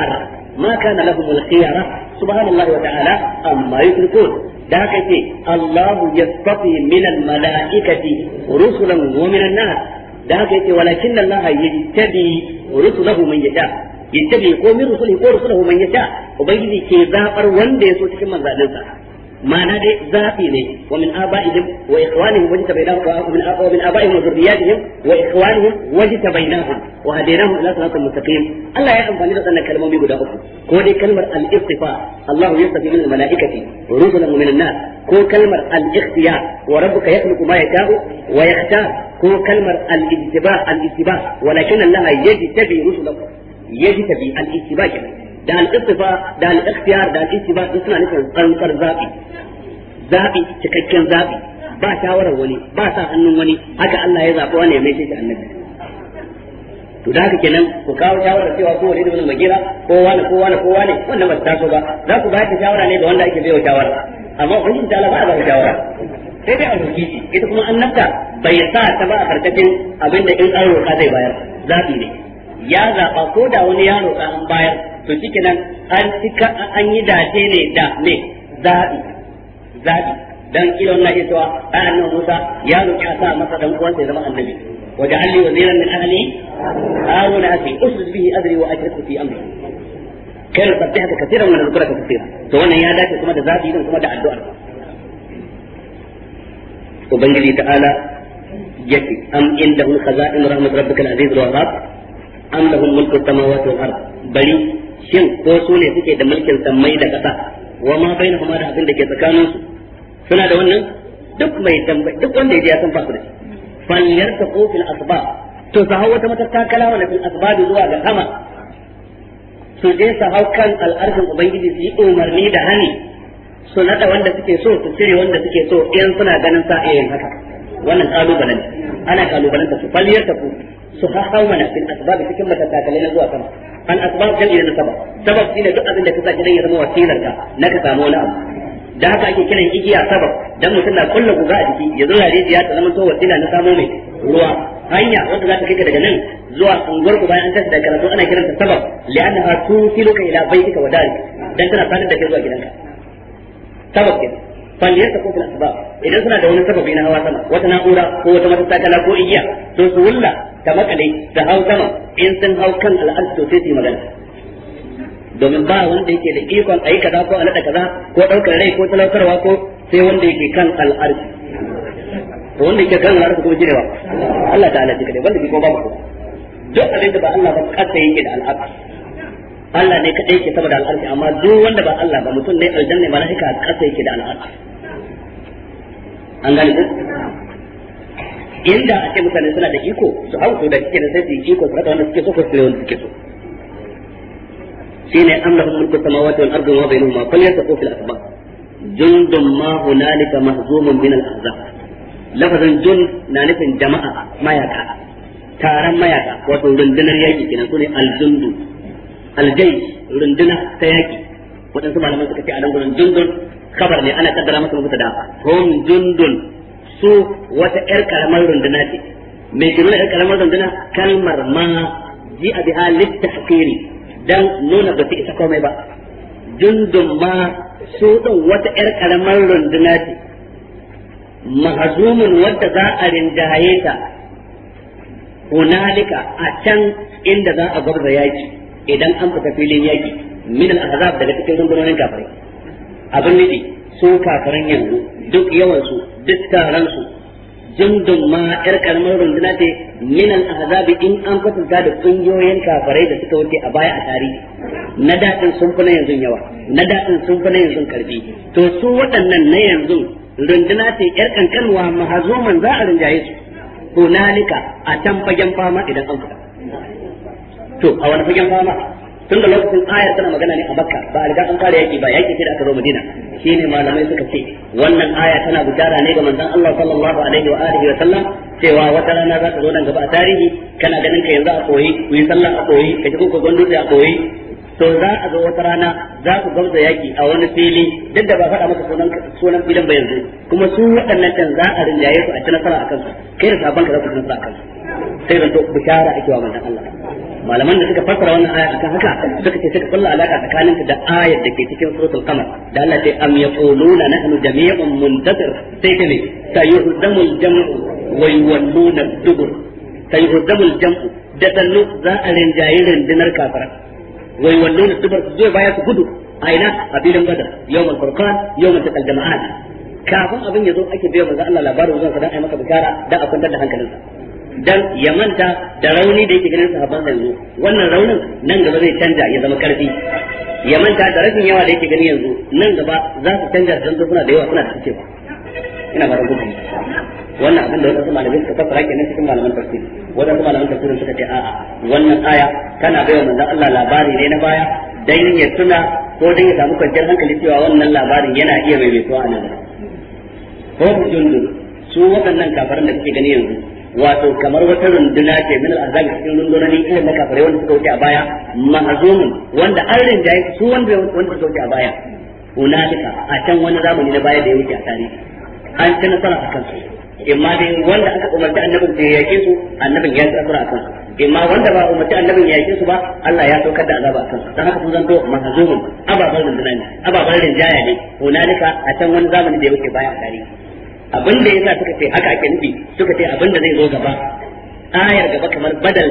[SPEAKER 1] ma kana lahum al-khiyara subhanallahi wa ta'ala amma yushrikun da haka ce Allahu yastafi min al-mala'ikati rusulan wa min an-nas da haka yake walakin Allah yattabi rusulahu man yasha yattabi ko min rusulihi ko rusulahu man yasha ubangiji ke zabar wanda ya so cikin manzalinsa ma'ana dai zafi ne wa min aba'ihim wa ikhwanihim wajin tabainahum wa min aba'ihim wa zurriyatihim wa ikhwanihim wajin tabainahum wa hadainahum ila siratal mustaqim Allah ya amfani da wannan kalmomi guda uku ko dai kalmar al-istifa Allah yastafi min al-mala'ikati rusulan min an-nas ko kalmar al-ikhtiyar wa rabbuka yakhluqu ma yasha'u wa yakhtar ko kalmar al-ijtiba al-ijtiba walakin Allah yajtabi rusulahu yajtabi al-ijtiba kenan da al-istifa da al-ikhtiyar da al-istifa suna nufin tsantsar zabi zabi cikakken zabi ba shawarar wani ba sa hannun wani haka Allah ya zaɓi wani ya mai shi annabi to da haka kenan ku kawo shawarar cewa ko wani da wani magira ko wani ko wani ko wani wannan ba ta so ba za ku ba ta shawara ne da wanda ake baiwa shawara amma ubangiji ta ba ba shawara sai dai a roƙi shi ita kuma annabta bai sa ta ba a karkashin abin da in an roƙa zai bayar zaɓi ne ya zaɓa ko da wani ya roƙa an bayar to shikenan an cika an yi dace ne da me zaɓi zaɓi. dan kila na iya cewa ai Musa ya roki sa masa dan ya zama annabi wa ja'alni waziran min ahli haruna bihi adri wa fi amri da tabbata haka kafiran wa nazkuraka kafiran to wannan ya dace kuma da zabi din kuma da addu'a ubangiji ta'ala yake am khaza'in rahmat rabbikal aziz wa ghafur am lahum mulku samawati wal ard bali shin ko su ne suke da mulkin sammai da ƙasa wa ma bai kuma da abin da ke tsakanin su suna da wannan duk mai tambayi duk wanda ya san fasu da shi fanyar ta kofin asba to su hau wata wa wani fil da zuwa ga sama su je su hau kan al'arfin ubangiji su yi umarni da hani su nada wanda suke so su cire wanda suke so in suna ganin sa'a yin haka wannan kalubalen ana ta su fanyar ta kofin su hau mana fil asbab cikin matakalai na zuwa sama an asbab jan idan sabab sabab shine duk abin da ka saki dan ya zama wasilar ka na ka samu wani abu da haka ake kiran igiya sabab dan mutum na kullu guga a jiki ya zo ya rijiya ta zama to wasila na samu mai ruwa hanya wanda za ta kai ka daga nan zuwa unguwar ku bayan an tashi daga karatu ana kiranta sabab li'annaha tusiluka ila baitika wa darik dan tana sadar da kai zuwa gidanka sabab kenan falyasakun fil asbab idan suna da wani sababi na hawa sama wata na'ura ko wata matattakala ko igiya to su wulla ta makale da hau sama in sun hau kan al'ad to sai su yi magana domin ba wanda yake da ikon ayi kaza ko a naɗa kaza ko ɗaukar rai ko talautarwa ko sai wanda yake kan al'ad to wanda yake kan al'ad ko shi ne ba Allah ta'ala shi kadai wanda ke ko ba ku duk abin da ba Allah ba kasa yake da al'ad Allah ne kadai yake saboda al'arfi amma duk wanda ba Allah ba mutum ne aljanna ba na haka kasa yake da al'arfi an gane din inda a mutane suna da iko su hau su da suke da sai su yi iko su wanda suke so ko su wanda suke so shine amlahum mulku samawati wal ardi wa bainahuma falyasqu fil asbab jundun ma hunalika mahzumun min al ahzab lafazin jun na nufin jama'a mayaka taron mayaka wato rundunar yaki kenan sune aljundu aljai runduna ta yaki waɗansu malaman suka ce a nan gudun jundun Kabar ne ana kaddara masa da hum jundun su wata yar karamar runduna ce mai jinu yar karamar runduna kalmar ma ji a biha littahqiri dan nuna ba su isa komai ba jundun ma su din wata yar karamar runduna ce mahazumun wadda za a rinjaye ta hunalika a can inda za a gabza yaki idan an fita filin yaki min al-ahzab daga cikin rundunonin kafirai abin nufi su kafiran yanzu duk yawansu duk taransu jindin ma yar karamar runduna ce minan azabi in an kwatanta da kungiyoyin kafarai da suka wuce a baya a tarihi na daɗin sun fi na yanzu yawa na daɗin sun fi na yanzu karfi to su waɗannan na yanzu runduna ce yar kankanwa mahazuman za a rinjaye su nalika a can fagen fama idan an fita
[SPEAKER 3] to a wani fagen
[SPEAKER 1] fama tunda lokacin aya tana magana ne a makka ba a riga an fara yaki ba yaki sai da aka zo madina ne malamai suka ce wannan aya tana bishara ne ga manzon Allah sallallahu alaihi wa alihi wa sallam cewa wata rana za ta zo nan gaba a tarihi kana ganin ka yanzu a koyi ku yi sallah a koyi ka ji kuka gondo a koyi to za a zo wata rana za ku gamsa yaki a wani fili duk da ba faɗa maka sunan sunan filin ba yanzu kuma su waɗannan can za a rinjaye su a ci nasara a kansu kai da sabon ka za ku ci nasara a kansu sai da to bishara ake wa manzon Allah malaman da suka fassara wannan aya akan haka suka ce suka kulla alaka tsakanin da ayar da ke cikin suratul qamar da Allah ce am yaquluna nahnu jami'un sai sayuhdamul jam'u wa yuwalluna dubur sayuhdamul jam'u da za a kafara dubur zai baya su gudu ina a filin badar yawmal furqan taqal kafin abin ya zo ake biya manzo Allah labarin zuwan sa ai maka bishara a kwantar da hankalinsa dan ya manta da rauni da yake ganin sahabban yanzu wannan raunin nan gaba zai canja ya zama karfi ya manta da rashin yawa da yake gani yanzu nan gaba za su canja zanzu suna da yawa suna da ba ina ba da gudu wannan abin da wadansu malamai suka fassara kenan cikin malaman tafsiri kuma malaman tafsirin suka ce a'a wannan aya tana baiwa manzon Allah labari ne na baya dan ya tuna ko dan ya samu kwanciyar hankali cewa wannan labarin yana iya maimaituwa a nan ko jundu su waɗannan kafaran da kuke gani yanzu wato kamar wata runduna ke min al'azab cikin ne irin na kafirai wanda suka wuce a baya mahzumun wanda an rinjaye su wanda wanda suka wuce a baya hunalika a can wani zamani na baya da ya wuce a tare an ci nasara a kansu imma dai wanda aka umarci annabin da ya yake su annabin ya tsara a kansu imma wanda ba umarci annabin ya yake su ba Allah ya saukar da azaba a kansu dan haka sun zanto mahzumun ababan runduna ne ababan rinjaya ne hunalika a can wani zamani da ya wuce baya a tare abin da yasa suka ce haka ake nufi suka ce abin da zai zo gaba ayar gaba kamar badal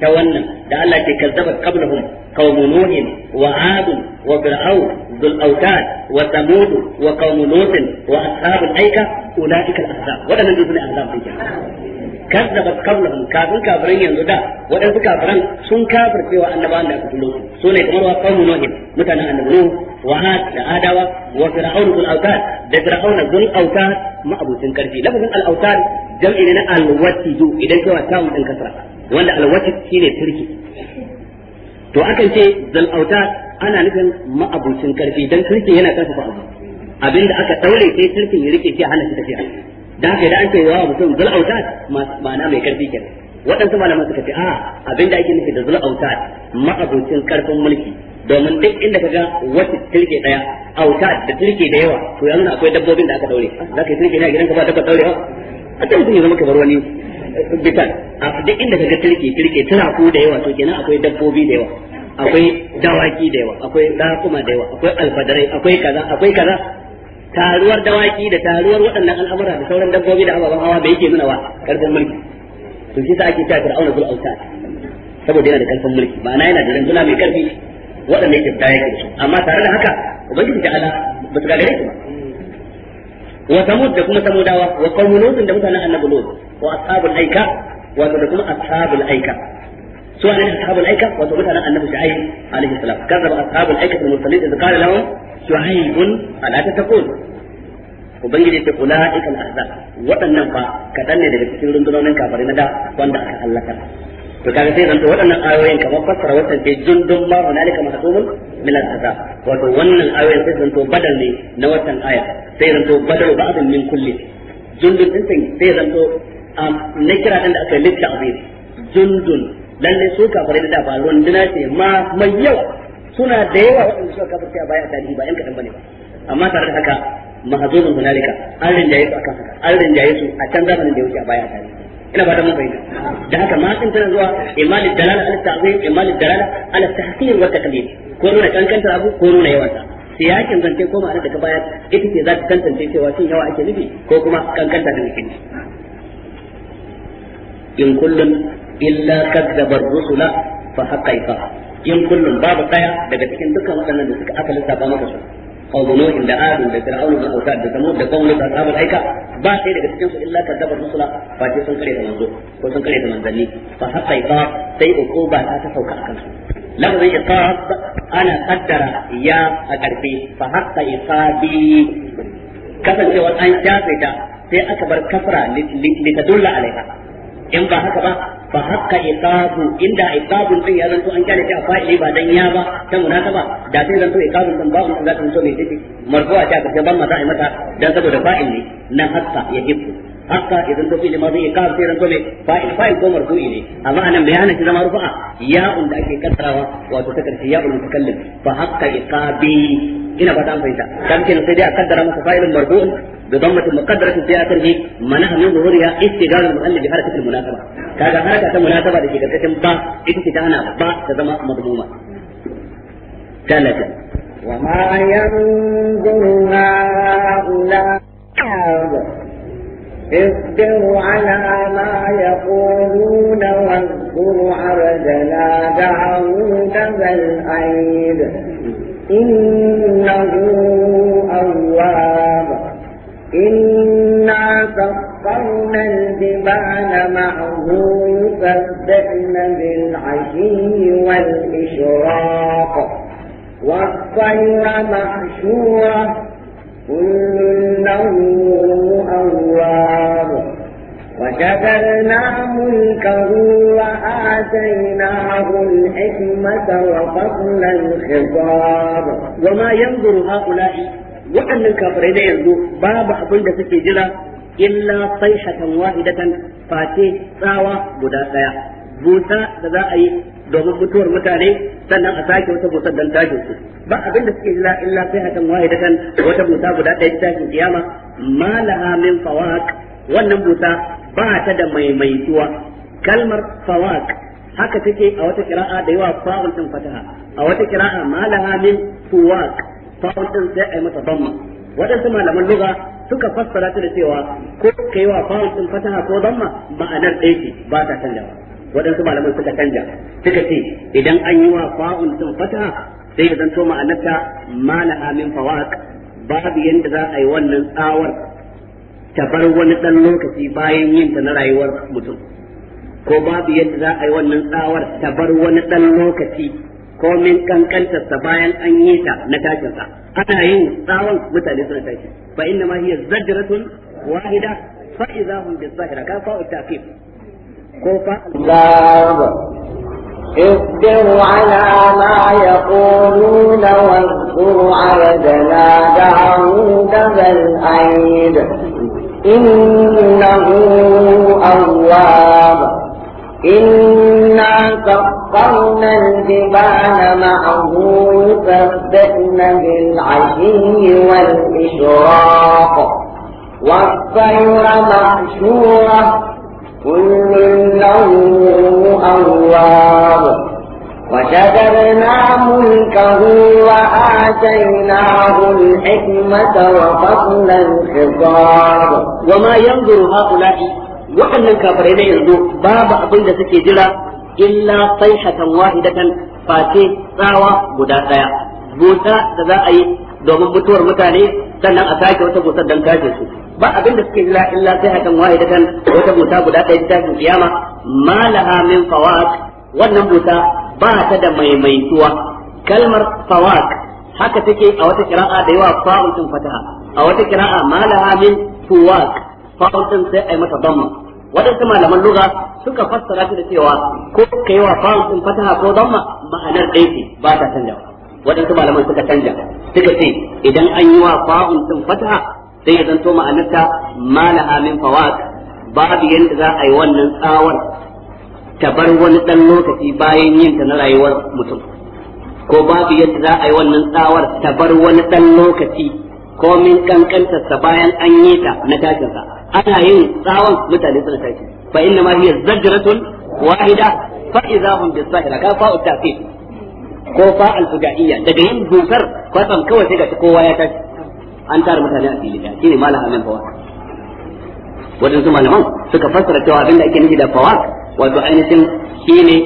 [SPEAKER 1] ta wannan da Allah ke kazzaba qablahum qaum nuh wa ad wa fir'aun dhul awtad wa samud wa qaum wa ashabul aika ulaika al-ahzab wadannan dukkan ahzab ne kazzabat qablahum kafin kafiran yanzu da waɗansu kafiran sun kafirce cewa annaba da aka tulo su ne kamar wa qaumun nuh mutanen annabi wa had adawa wa fir'aun zul awtad da fir'aun zul awtad ma abutin karfi lafazin al awtad jam'i ne na al watidu idan cewa ta mutun kasra wanda al watid shine turki to akan ce zal awtad ana nufin ma abutin karfi dan turki yana karfafa abinda aka daure sai turkin ya rike shi hana shi tafiya dan haka da an ce wa mutum zul autat ma'ana mai karfi kenan waɗansu malaman suka ce a abinda ake nufi da zul autat ma'abucin karfin mulki domin duk inda ka ga wata tilke daya autat da tilke da yawa to yanzu akwai dabbobin da aka daure za ka yi tilke ne a ka ba dabba daure ha a ce mutum ya zama kamar wani eh, bitan a duk inda ka ga tilke tilke turaku da yawa to kenan akwai dabbobi da yawa akwai dawaki da yawa akwai dakuma da yawa akwai alfadarai akwai kaza akwai kaza taruwar dawaki da taruwar waɗannan al'amura da sauran dabbobi da ababen hawa da yake nuna wa karfin mulki to shi sa ake cewa fir'auna zul auta saboda yana da karfin mulki ma'ana yana da runduna mai karfi waɗanda yake da yake amma tare da haka ubangiji ta ala ba su gagare shi ba wa samud da kuma samudawa wa qaumun da mutanen annabi lut wa ashabul aika wa da kuma ashabul aika aika سواء أصحاب الأيكة وتبتنا النبي شعيب عليه السلام كذب أصحاب الأيكة المرسلين إذ قال لهم شعيب ألا تتقون ubangiji ce ula'ikal ahzab waɗannan fa kaɗan ne daga cikin rundunonin kafare na da wanda aka halaka to kaga sai zanto waɗannan ayoyin kamar fassara wata ce jundun ma hunalika mahsumun min al-azab wato wannan ayoyin sai zanto badal ne na watan aya sai zanto badalu ba'dun min kulli jundun din sai zanto na kira din da aka lissa abin jundun lalle su kafirai da ba dina ce ma mai yawa suna da yawa waɗanda suka kafirce a baya a tarihi ba yan kaɗan bane ba amma tare da haka mahazuzun hunalika an rinjaye su akan haka an rinjaye su a can zamanin da ya wuce a baya a tarihi ina fatan mun fahimta da haka ma sun tana zuwa imalin dalala ala ta'zim imalin dalala ala tahqir wa taqlid ko nuna kankantar abu ko nuna yawansa siyakin zance ko ma'anar daga baya ita ce za ta tantance cewa shin yawa ake nufi ko kuma kankanta da nufi in kullum illa kadzabar rusula fa haqaifa in kullum babu daya daga cikin dukkan waɗannan da suka aka lissafa maka su qawmun da adun da fir'aun da auta da samud da qawmun da ashabul aika ba sai daga cikin su illa kadzabar rusula fa sai sun kare da manzo ko sun kare da manzanni fa haqaifa sai uquba ta ta sauka ana qaddara ya a karfe fa kasancewar an shafe ta sai aka bar kasra litadulla alaiha in ba haka ba ba haka iqabu inda iqabun din ya zanto an kyale ta fa'ili ba dan ya ba ta munasaba da sai zanto iqabun din ba mun ga ta mutum ne take marfu'a ta kace ban mata mata dan saboda fa'il ne nan hatta ya hibbu hatta idan to fi'li madhi iqab sai zanto ne fa'il fa'il ko marfu'i ne amma anan bayanin shi zama rufa'a ya'un da ake kasarawa wato ta karshe ya ya'un mutakallim fa hakka iqabi ina ba ta fahimta dan kin sai dai a kaddara masa fa'ilun marfu'un بضمة مقدرة في آخره منع من ظهورها استدار المؤلف بحركة المناسبة كذا حركة مناسبة التي كتم با إتتانا با تزمى مضمومة كانت وما
[SPEAKER 2] ينظر هؤلاء اصبر على ما يقولون واذكر عبدنا داود ذا الأيد إنه وترون الجبال معه يسبحن بالعشي والإشراق والطير محشورة كل له أواب وشكرنا ملكه وآتيناه الحكمة
[SPEAKER 1] وفصل الخطاب وما ينظر هؤلاء waɗannan kafirai da yanzu babu abin da suke jira illa صيحة واحدة fate tsawa guda daya busa da za a yi domin mutuwar mutane sannan a sake wata busar dan صيحة su ba abin da suke illa illa sayhatan wahidatan wata busa guda daya wannan busa ba ta da maimaituwa kalmar fawak haka take a wata kira'a da yawa fa'ul din fataha a wata kira'a malaha min fuwak fa'ul din sai ai masa damma wadansu malaman lugha suka fassara ta da cewa ko kai wa fa'il din fataha ko damma ma'anar ɗaya ce ba ta canja waɗansu malaman suka canja suka ce idan an yi wa fa'il din fataha sai ya zanto ma'anarta malaha min fawaq babu yanda za a yi wannan tsawar ta bar wani ɗan lokaci bayan yin ta na rayuwar mutum ko babu yadda za a yi wannan tsawar ta bar wani ɗan lokaci komin kankantarsa bayan an yi ta na sa ana yin tsawon mutane suna tashi fa inna ma hiya zajratun wahida fa idza hum bi zahira ka fa utaqib ko fa اصبر على
[SPEAKER 3] ما يقولون واذكر عبدنا داود
[SPEAKER 2] ذا الأيد إنه أواب إنا سخرنا الجبال معه يسبحن بالعشي والإشراق والطير محشورة كل له أواب وشددنا ملكه وآتيناه الحكمة وفضل الخطاب وما
[SPEAKER 1] ينظر هؤلاء waɗannan kafirai na yanzu babu abin da suke jira illa sayhatan wahidatan face tsawa guda ɗaya busa da za a yi domin mutuwar mutane sannan a sake wata busar don kashe su ba abin da suke jira illa sayhatan wahidatan wata busa guda ɗaya ta kiyama ma laha min fawaq wannan busa ba ta da maimaituwa kalmar fawaq haka take a wata kira'a da yawa fa'ul din fataha a wata kira'a ma laha min tuwaq fa'ul din sai ai mata damma waɗansu malaman lugha suka fassara shi da cewa ko ka yi wa fa'un din fataha ko damma ma'anar ɗaya ba ta canja waɗansu malaman suka canja suka ce idan an yi wa fa'un din fataha sai ya zanto ma'anarta malaha min fawaq babu yadda za a yi wannan tsawar ta bar wani ɗan lokaci bayan yin ta na rayuwar mutum ko babu yadda za a yi wannan tsawar ta bar wani ɗan lokaci ko min kankantarsa bayan an yi ta na tashinsa ana yin tsawon mutane suna tashi fa inna ma hiya zajratun wahida fa idza hum sahira ka fa utafi ko fa al fujaiya daga yin dusar kwatsam kawai sai ga kowa ya tashi an tara mutane a fili da shine malam amin fawa su malaman suka fassara cewa abinda ake nufi da fawa wato ainihin shine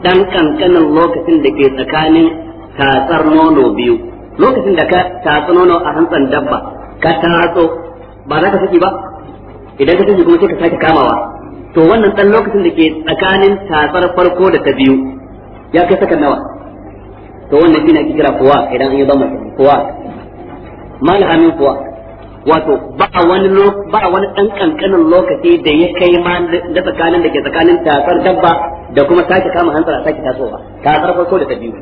[SPEAKER 1] dan kankanin lokacin da ke tsakanin tatsar nono biyu lokacin da ka tatsi nono a hantsan dabba ka tatso ba za ka saki ba idan ka tashi kuma sai ka sake kamawa to wannan dan lokacin da ke tsakanin tatsar farko da ta biyu ya kai saka nawa to wannan shine ake kira kuwa idan an yi zama kuwa mal amin kuwa wato ba wani ba wani dan kankanin lokaci da ya kai ma da tsakanin da ke tsakanin tatsar dabba da kuma sake kama hantsar a sake tasowa tatsar farko da ta biyu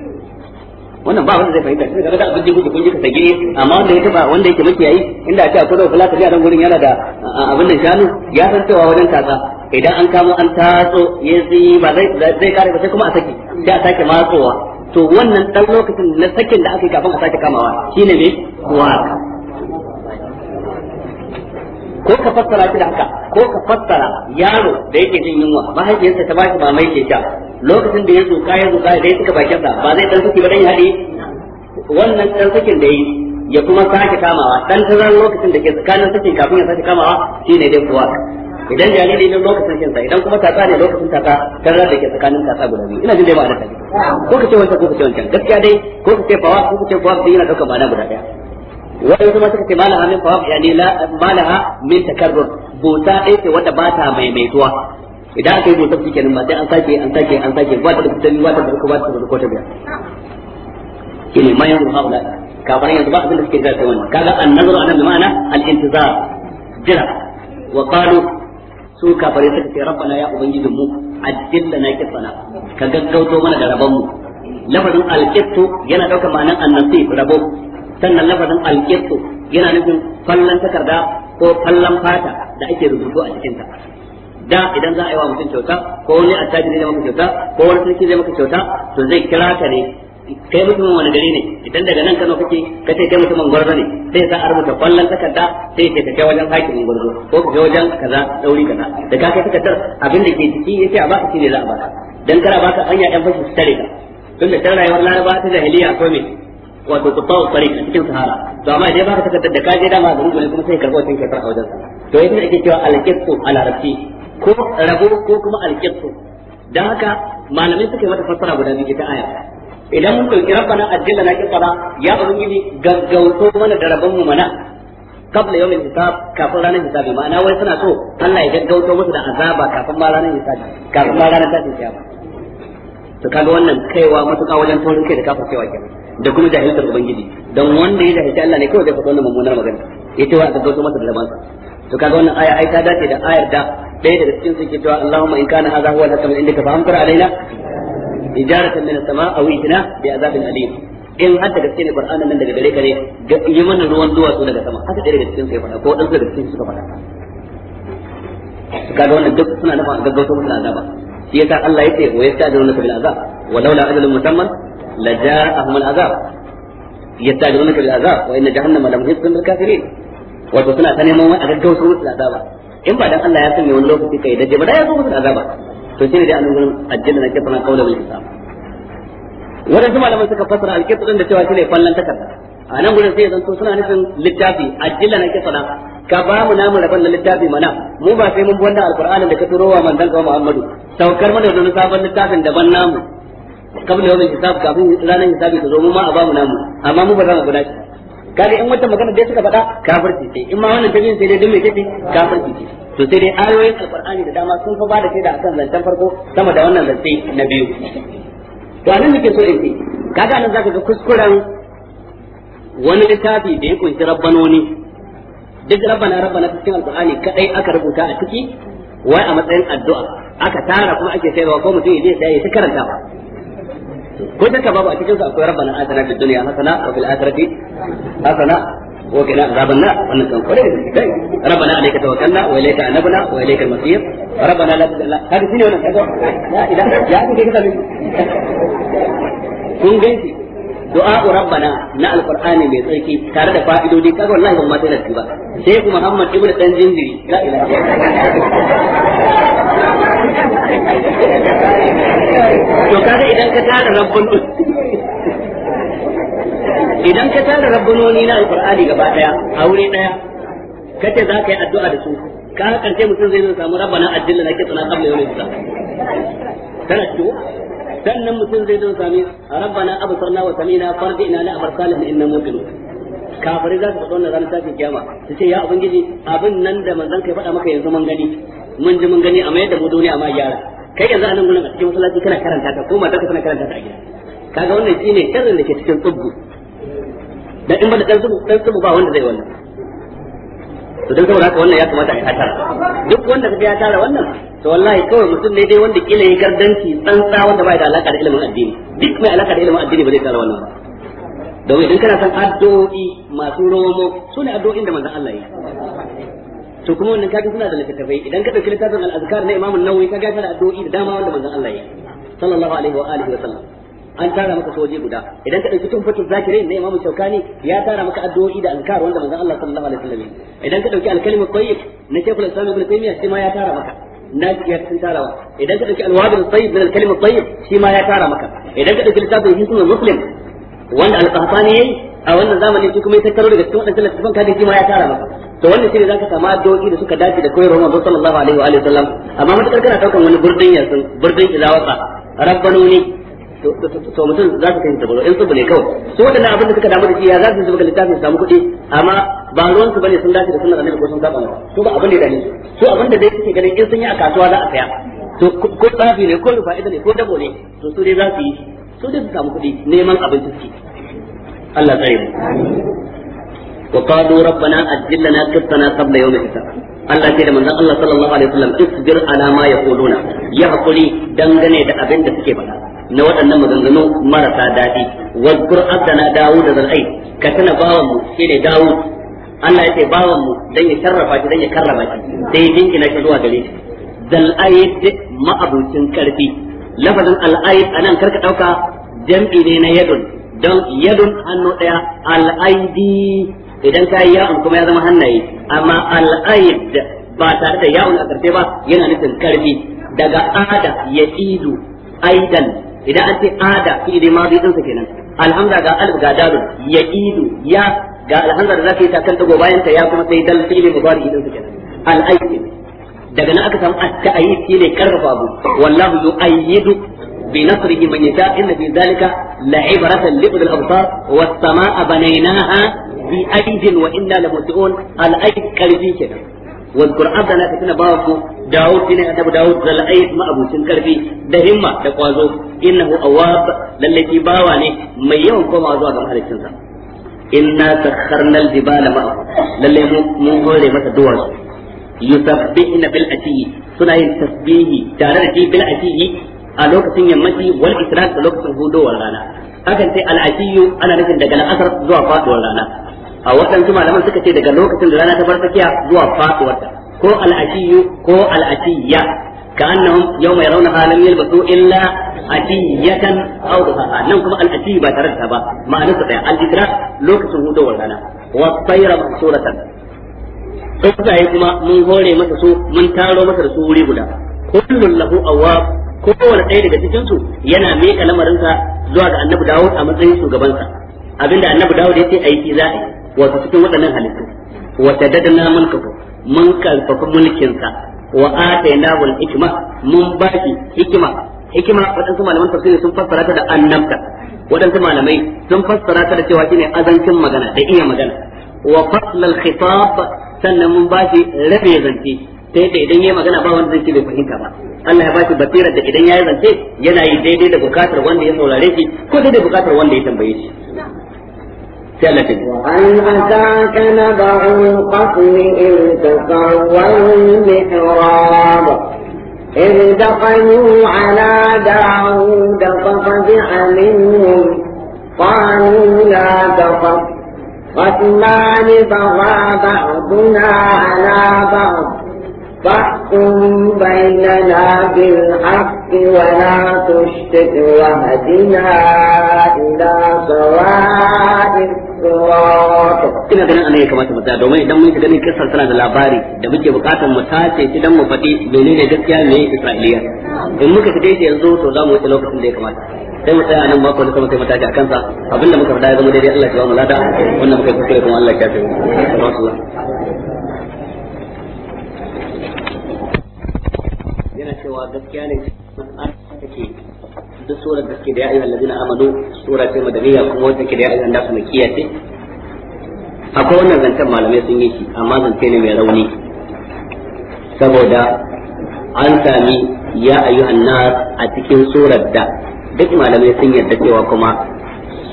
[SPEAKER 1] wannan ba wanda zai fahimta shi daga abin da kuka kunji ka sage amma wanda ya taba wanda yake makiyayi inda aka akwai da fulata a nan gurin yana da abin da shanu ya san cewa wajen tatsa idan an kamo an tatso ya zai ba zai zai kare ba sai kuma a saki sai a sake matsowa to wannan dan lokacin na sakin da aka yi kafin a sake kamawa shine ne wa ko ka fassara shi da haka ko ka fassara yaro da yake jin yunwa mahaifiyarsa ta ba shi mai ke sha lokacin da ya zuka ya zuka da ya suka bakin sa ba zai dan suke ba dan hadi wannan dan sukin da yi ya kuma sake kamawa dan zan lokacin da ke tsakanin sukin kafin ya sake kamawa shine dai kuwa idan jariri ne lokacin shin sa idan kuma ta ne lokacin tatsa dan da ke tsakanin tatsa guda biyu ina jin dai ba da tafi ko kace wancan ko kace wancan gaskiya dai ko kace fawa ko kace fawa sai yana daukar ma'ana guda daya wai kuma suka ce malaha min fawaf yani la malaha min takarrur bota ɗaya ce wadda ba ta maimaituwa idan aka yi motsaf shi kenan ba sai an sake an sake an sake ba ta da ba ta da ba ta da ko ta biya ne ma yanzu haula kafaran yanzu ba abin da suke jira sai wannan kaga an nazaru nan da ma'ana al intizar jira wa qalu su kafare suka ce rabbana ya ubangijin mu addillana kisana ka gaggauto mana da rabon mu lafazin alƙittu yana daukar ma'anan annasi rabo sannan lafazin alƙittu yana nufin fallan takarda ko fallan fata da ake rubutu a cikin ta da idan za a yi wa mutum kyauta ko wani attajiri zai maka kyauta ko wani sarki zai maka kyauta to zai kira ka ne kai mutumin wani gari ne idan daga nan Kano kake ka ce kai mutumin gwarzo ne sai sa a rubuta kwallon takarda sai ce ka kai wajen hakimin gwarzo ko ka kai wajen kaza dauri kaza da ka kai takardar abin da ke ciki ce a baka ne za a baka dan kara baka hanya ɗan fashi su tare ka tun da rayuwar Laraba ta jahiliya ko me wato tawo tsari a cikin sahara to amma idan baka takardar da ka je dama da rubuce kuma sai karɓo cikin kafar a wajen sa to yadda ake cewa alqisqu ala rafi ko rabo ko kuma alqittu dan haka malamai suka yi mata fassara guda biyu ta aya idan mun kulki rabbana ajjala na kitaba ya ubangiji gaggauto mana da rabon mu mana qabla yawmin hisab kafin ranar hisabi ma'ana wai suna so Allah ya gaggauto musu da azaba kafin ma ranar hisabi kafin ma ranar tashin kiyama to kaga wannan kaiwa matuƙa wajen tauri kai da cewa ke da kuma jahiltar ubangiji don wanda ya jahilci Allah ne kawai zai fito wannan mummunar magana yace wa gaggauto gauto masa da rabansa to kaga wannan aya ai ta dace da ayar da ɗaya daga cikin sun ke cewa Allahumma in kana hadha huwa al-hakam indaka fa amtar alaina ijaratan min as-sama' aw itina bi azabin alim in har daga cikin ne Qur'anin nan daga gare ka ne yi mana ruwan duwatsu daga sama haka ɗaya daga cikin su ya faɗa ko wadansu daga cikin su suka faɗa kaga wannan duk suna nufin a gaggauta musu azaba shi yasa Allah yake wa yasta'dilunaka bil azab wa laula ajalun musamman la ja'ahum al azab yasta'dilunaka bil azab wa inna jahannama la muhiqqun bil kafirin wato suna ta neman wani a gaggauta musu da azaba in ba dan Allah ya sanya wani lokaci kai da ba da ya zo musu da azaba to shine dai anan gurin ajjala na kafana kaula bil hisab wadansu malamai suka fasara alkitab din da cewa shine fallan takarda a nan gurin sai zanto suna nufin littafi ajjala na kafana ka ba mu namu rabon da littafi mana mu ba sai mun bi wannan alqur'anin da ka turo wa manzon ka Muhammadu saukar mana da sabon littafin daban namu kamar da yawan hisab kafin ranar hisabi ta zo mu ma a ba mu namu amma mu ba za mu gudanar kaga in wata magana dai suka faɗa kafirci ce in ma wannan tabiyin sai dai dun mai kace kafirci ce to sai dai ayoyin alqur'ani da dama sun fa ba da shaida akan zantan farko sama da wannan zance na biyu to anan nake so in ce kaga nan zaka ga kuskuren wani littafi da ya kunshi rabbanoni duk rabbana rabbana cikin alqur'ani kadai aka rubuta a ciki wai a matsayin addu'a aka tara kuma ake sayarwa ko mutum ya je ya ta karanta ba ko shakka babu a cikin su akwai rabbana atana fid dunya hasana wa fil akhirati hasana wa qina azaban wannan kan kore ne kai rabbana alayka tawakkalna wa ilayka anabna wa ilayka al-masir rabbana la tuzigh kada shine wannan kaga la ilaha ya ku kaga ne kun ganci du'a rabbana na alqur'ani mai tsarki tare da fa'idodi kaga wallahi ban ma sai na tuba sai Muhammad ibnu dan jinjiri la ilaha
[SPEAKER 3] to kaga idan ka tara rabbun
[SPEAKER 1] idan ka tara rabbunoni na alqur'ani gaba daya a wuri daya kace za ka yi addu'a da su ka karshe mutum zai samu rabbana addilla na kitana qabla yawmin hisab tana ciwo sannan mutum zai don sami rabbana absarna wa samina farjina la abar salih inna mu'minun kafare za su faɗi wannan ranar tashin kiyama su ce ya gidi abin nan da manzon kai faɗa maka yanzu mun gani mun ji mun gani a mayar da mu duniya ma gyara kai yanzu anan gurin a cikin masallaci kana karanta ta ko matarka kana karanta ta a gida kaga wannan shine sharrin da ke cikin tsubbu da in ba da dan tsubbu dan tsubbu ba wanda zai wannan
[SPEAKER 2] to dan saboda haka wannan ya kamata a yi duk
[SPEAKER 1] wanda kaga ya tara wannan to wallahi kawai mutum ne dai wanda kila yi gardanci tsantsa wanda bai da alaka da ilimin addini duk mai alaka da ilimin addini ba zai tara wannan ba domin idan kana san addu'o'i masu romo su ne addu'o'in da manzon Allah ya yi to kuma wannan kaga suna da littattafai idan ka dauki littafin al-azkar na Imam nawawi kaga yana da addu'o'i da dama wanda manzon Allah ya sallallahu alaihi wa alihi wa sallam an tara maka soje guda idan ka dauki tumfatul zakirin na Imam Shaukani ya tara maka addu'o'i da azkar wanda manzon Allah sallallahu alaihi wa sallam idan ka dauki al-kalimu tayyib na Shaykhul Islam Ibn Taymiyyah shi ma ya tara maka naji ya sun tara wa idan ka dauki al-wabil tayyib min al-kalimu tayyib shi ma ya tara maka idan ka dauki littafin Hisnul Muslim wanda al-Qahtani yayi a wannan zamanin shi kuma ya tattaro daga cikin waɗannan littattafan kadin shi ma ya tara maka to wannan shine zaka samu addu'o'i da suka dace da koyarwar Muhammad sallallahu alaihi wa alihi wasallam amma mutakar kana daukan wani burdin yasin burdin ilawaka rabbanuni to mutum za su fahimta baro in su ne kawai su waɗannan abin da suka damu da shi ya za su zuba littafin su samu kuɗi amma ba ruwan su bane sun dace da sunan annabi ko sun saba masa to ba abin da ya dace. su abin da dai suke ganin in sun yi a kasuwa za a saya to ko tsafi ne ko fa'ida ne ko dabo ne to su dai za su yi su dai su samu kuɗi neman abin suke Allah tsare mu wa qalu rabbana ajil lana qittana qabla yawm al-hisab Allah ce da manzon Allah sallallahu alaihi wasallam isbir ala ma yaquluna ya hakuri dangane da abinda da suke faɗa na waɗannan maganganu marasa daɗi wadkur abdana dawud da zalai ka tana bawan Allah ya ce bawan mu dan ya shi dan ya karrama shi sai ya jinkina shi zuwa gare shi zal'ayid ma'abucin karfi lafazin al'ayid anan karka dauka jam'i ne na yadun don yadun hannu daya al'aidi idan ka yi ya'un kuma ya zama hannaye amma al'aid ba tare da ya'un a karshe ba yana nufin karfi daga ada ya idu aidan idan an ce ada fi da ma bidin sa kenan alhamda ga alif ga dalu ya idu ya ga alhamda da zaka yi ta kan dago bayan ta ya kuma sai dal fi ne mubarak idan su kenan al'aid daga nan aka samu at-ta'yid ne karfafa abu wallahu yu'ayyidu بنصره من يشاء إن في ذلك لعبرة لأولي الأبصار والسماء بنيناها بأيد وإنا لموسعون الأيد كالفي كده والقرآن da na tuna bawa ku Dawud shine annabi Dawud zal'ait ma abucin karfi da himma da kwazo innahu awwab lalle ki bawa ne mai yawan koma zuwa ga mahalicin sa inna sakharnal jibala ma'a lalle mu mun hore masa duwatsu yusabbihuna bil suna yin tasbihi tare da bil ashiyi a lokacin yammaci wal israr da lokacin hudowar rana hakan sai al'ashiyu ana nufin daga la'asar zuwa faduwar rana a waɗansu malaman suka ce daga lokacin da rana ta bar tsakiya zuwa ta ko al'ashiyu ko al'ashiya ka annahum yawma yarawnaha lam yalbasu illa atiyatan aw duhaha nan kuma al'ashiyu ba tare da ta ba ma'anar sa daya al-israr lokacin hudowar rana wa sayra suratan tsuntsaye kuma mun hore masa su mun taro masa da su wuri guda kullun lahu awwab Ko kowane ɗaya daga cikin su yana miƙa lamarinsa zuwa ga annabi Dawud a matsayin shugabansa abinda annabi Dawud ya ce a yi za a yi wato cikin waɗannan halittu wa tadadna mulkahu mun karfafa mulkinsa wa atainahu al-hikma mun baki hikima hikima waɗansu malaman tafsiri sun fassara ta da annabta waɗansu malamai sun fassara ta da cewa shine azancin magana da iya magana wa fasl al-khitab sannan mun bashi rabe zance ta yadda idan yayi magana ba wanda zai ce bai fahimta ba Allah ya bashi basira da idan yayi zance yana yi daidai da bukatar wanda ya saurare shi ko daidai bukatar wanda ya tambaye shi وهل أتاك نبع
[SPEAKER 2] القتل إذ تصوروا المحراب إذ دخلوا على داود ففزع منهم قالوا لا تخف قتلان بغى بعضنا على بعض فاحكم بيننا بالحق ولا تشتت وهدنا إلى سواء
[SPEAKER 1] ina ganin anan ya kamata mu tsaya domin idan mun ganin kissar tana da labari da muke bukatar mu tace shi dan mu faɗi menene gaskiya ne Isra'iliya in muka fide shi yanzu to za mu wuce lokacin da ya kamata sai mu tsaya nan mako kuma sai mu a kansa abinda muka faɗa ya zama daidai Allah ya ba mu lada wannan muka kuskure kuma Allah ya kafe mu yana cewa gaskiya ne ta ke duk surar da ke da ya ayyuhal amanu sura ce madaniya kuma wata ke da ya ayyuhan su makiya ce
[SPEAKER 2] akwai wannan zancen malamai
[SPEAKER 1] sun yi shi amma zance ne mai rauni saboda an sami ya ayyuhan nas a cikin surar da duk malamai sun yarda cewa kuma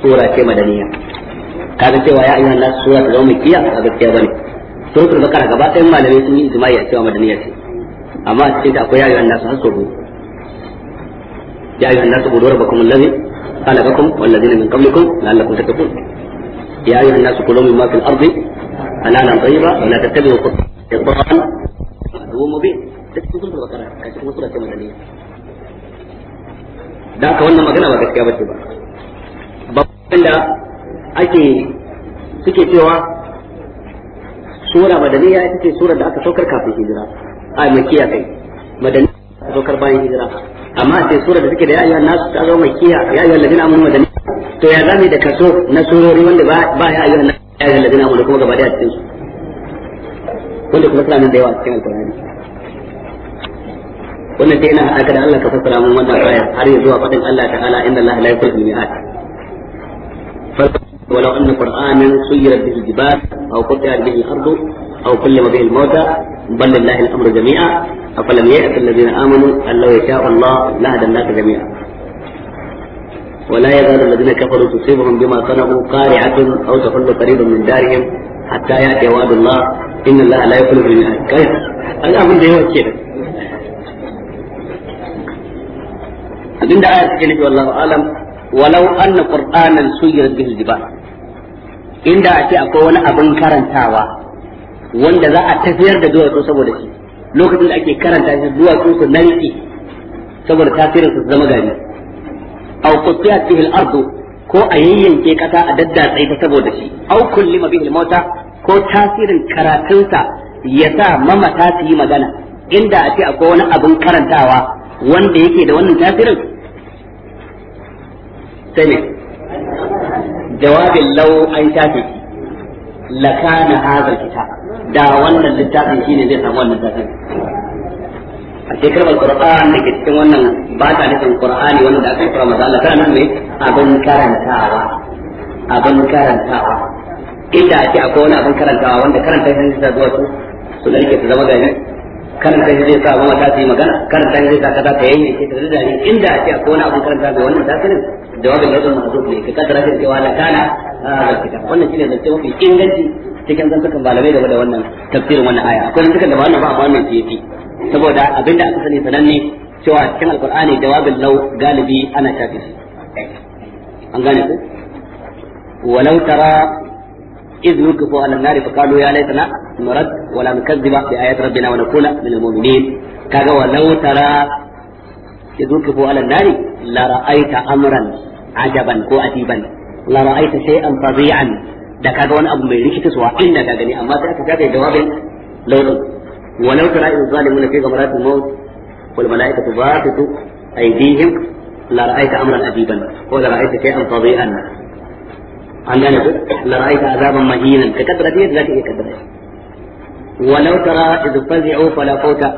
[SPEAKER 1] sura ce madaniya kaga cewa ya ayyuhan nas sura ta zama makiya a gaskiya bane suratul bakara gaba ɗayan malamai sun yi ijma'i a cewa madaniya ce amma a cikin akwai yayi wannan nasu hasu ya ayyuhan nasu budu rabbakum allazi khalaqakum wal ladina min qablikum la'allakum tattaqun ya ayyuhan nasu kulu mimma fil ardi halalan tayyiba wa la tattabi'u khutuwat aduwwun mubin duk sun suratul baqara ka cikin suratul madaniya dan ka wannan magana ba gaskiya bace ba
[SPEAKER 3] babban da ake suke cewa
[SPEAKER 1] sura madaniya ita ce sura da aka saukar kafin hijira a makiya kai madani saukar bayan hijira amma sai sura da take da ayyuhan nasu ta zama makiya ya ayyuhan ladina amanu madani to ya zame da kaso na surori wanda ba ya ayyuhan nasu ya ayyuhan ladina amanu kuma gaba daya cikin su wanda kuma suna nan da yawa cikin alkurani wannan sai ina haka da Allah ka fassara mun wannan aya har yanzu zuwa faɗin Allah ta'ala inna Allah la yukhlifu al-mi'ad ولو أن قرآنا سيرت به الجبال أو قطعت به الأرض أو كلم به الموتى بل لله الأمر جميعا أفلم يأت الذين آمنوا أن لو يشاء الله لهدى الناس جميعا ولا يزال الذين كفروا تصيبهم بما صنعوا قارعة أو تحل قريب من دارهم حتى يأتي وعد الله إن الله لا يخلف الميعاد كيف؟ الأمر ده هو كده abinda aya take أعلم walau anna qur'anan suyirat bihi jibal inda a ce akwai wani abin karantawa wanda za a tafiyar da duwatsu saboda shi lokacin da ake karanta shi duwatsu su narke saboda tasirin su zama gari aw qutiyat bihi al-ardu ko a yayyanke kasa a daddatsa ita saboda shi aw kullima bihi al-mauta ko tasirin karatunsa ya sa mamata su yi magana inda a ce akwai wani abin karantawa wanda yake da wannan tasirin sai ne jawabin lau an shafe shi lakana hazar kitab da wannan littafin shine zai samu wannan littafin a shekarar alkur'an da ke cikin wannan ba ta nufin qur'ani wanda da aka yi fara maza Allah kana mai abin karantawa abin karantawa inda ake akwai wani abin karantawa wanda karanta shi zai zuwa su su narke su zama gani karanta shi zai sa ba mata su yi magana karanta shi zai sa kaza ta yayin ke ta zai inda ake akwai wani abin karanta ga wannan da jawabin lauzun mahzuf ne ka kaddara shi cewa la kana ah, wannan shine zance mafi inganci cikin zantukan malamai game da wannan tafsirin wannan aya akwai zantukan da ba wannan ba amma wannan ke fi saboda abinda aka sani sananne cewa cikin alqur'ani jawabin law galibi ana shafi. shi an gane ku walau tara إذ وقفوا على النار فقالوا يا ليتنا نرد ولا نكذب بآيات ربنا ونكون من المؤمنين كذا ولو ترى يذوقه على النار لرأيت أمرا عجبا كو أديبا لرأيت شيئا فظيعا da kaga wani abu mai suwa inda ka gani amma sai aka kafa jawabin launin walau tara in zalimuna fi gamaratul maut wal malaikatu basitu aydihim la ra'aita amran adiban ko la ra'aita shay'an fadhi'an an ne ko la ra'aita azaban mahinan ka kaddara da zaka iya kaddara walau tara idh fazi'u fala fawta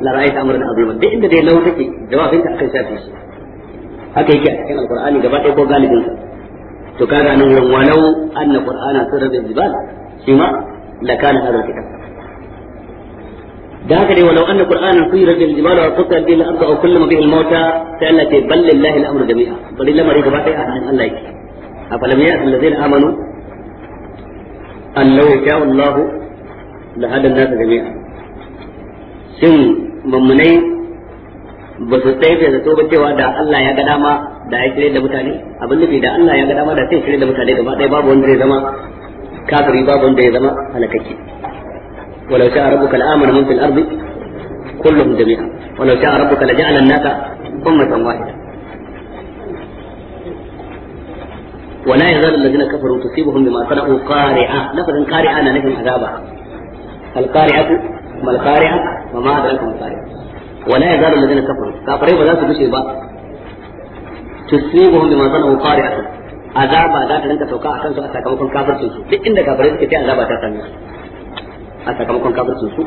[SPEAKER 1] la ra'aita amran azima duk inda dai lawa take jawabin ta akan shafi shi haka yake a cikin alqur'ani gaba ɗaya ko galibin sa to kaga nan wurin walau anna qur'ana sirra bil jibal shi ma la kana hadal kitab da haka dai walau anna qur'ana sirra bil jibal wa qutat bil ardi aw kullama bihi al mauta sai Allah ce bal lillahi al amru jami'a bari lamari gaba ɗaya a hannun Allah yake afalam ya'ti allazina amanu an law sha'a Allah la hada an-nas jami'a shin mummunai ba su tsaye da zato ba cewa da Allah ya ga dama da ya shirye da mutane abin nufi da Allah ya ga dama da sai shirye da mutane gaba ɗaya babu wanda ya zama kafiri babu wanda ya zama halakacce ولو شاء ربك لآمن من في الأرض كلهم جميعا ولو شاء ربك لجعل الناس أمة واحدة ولا يزال الذين كفروا تصيبهم بما صنعوا قارعة لفظ قارعة أنا نفهم عذابها القارعة ما القارعة wa ma adraka musari wala yazalu alladhina kafaru ba za su gushe ba tusibuhum bima sanu qari'atan azaba ta rinka sauka a kansu a sakamakon kafircin su duk inda kafirai suke sai azaba ta same a sakamakon kafircin su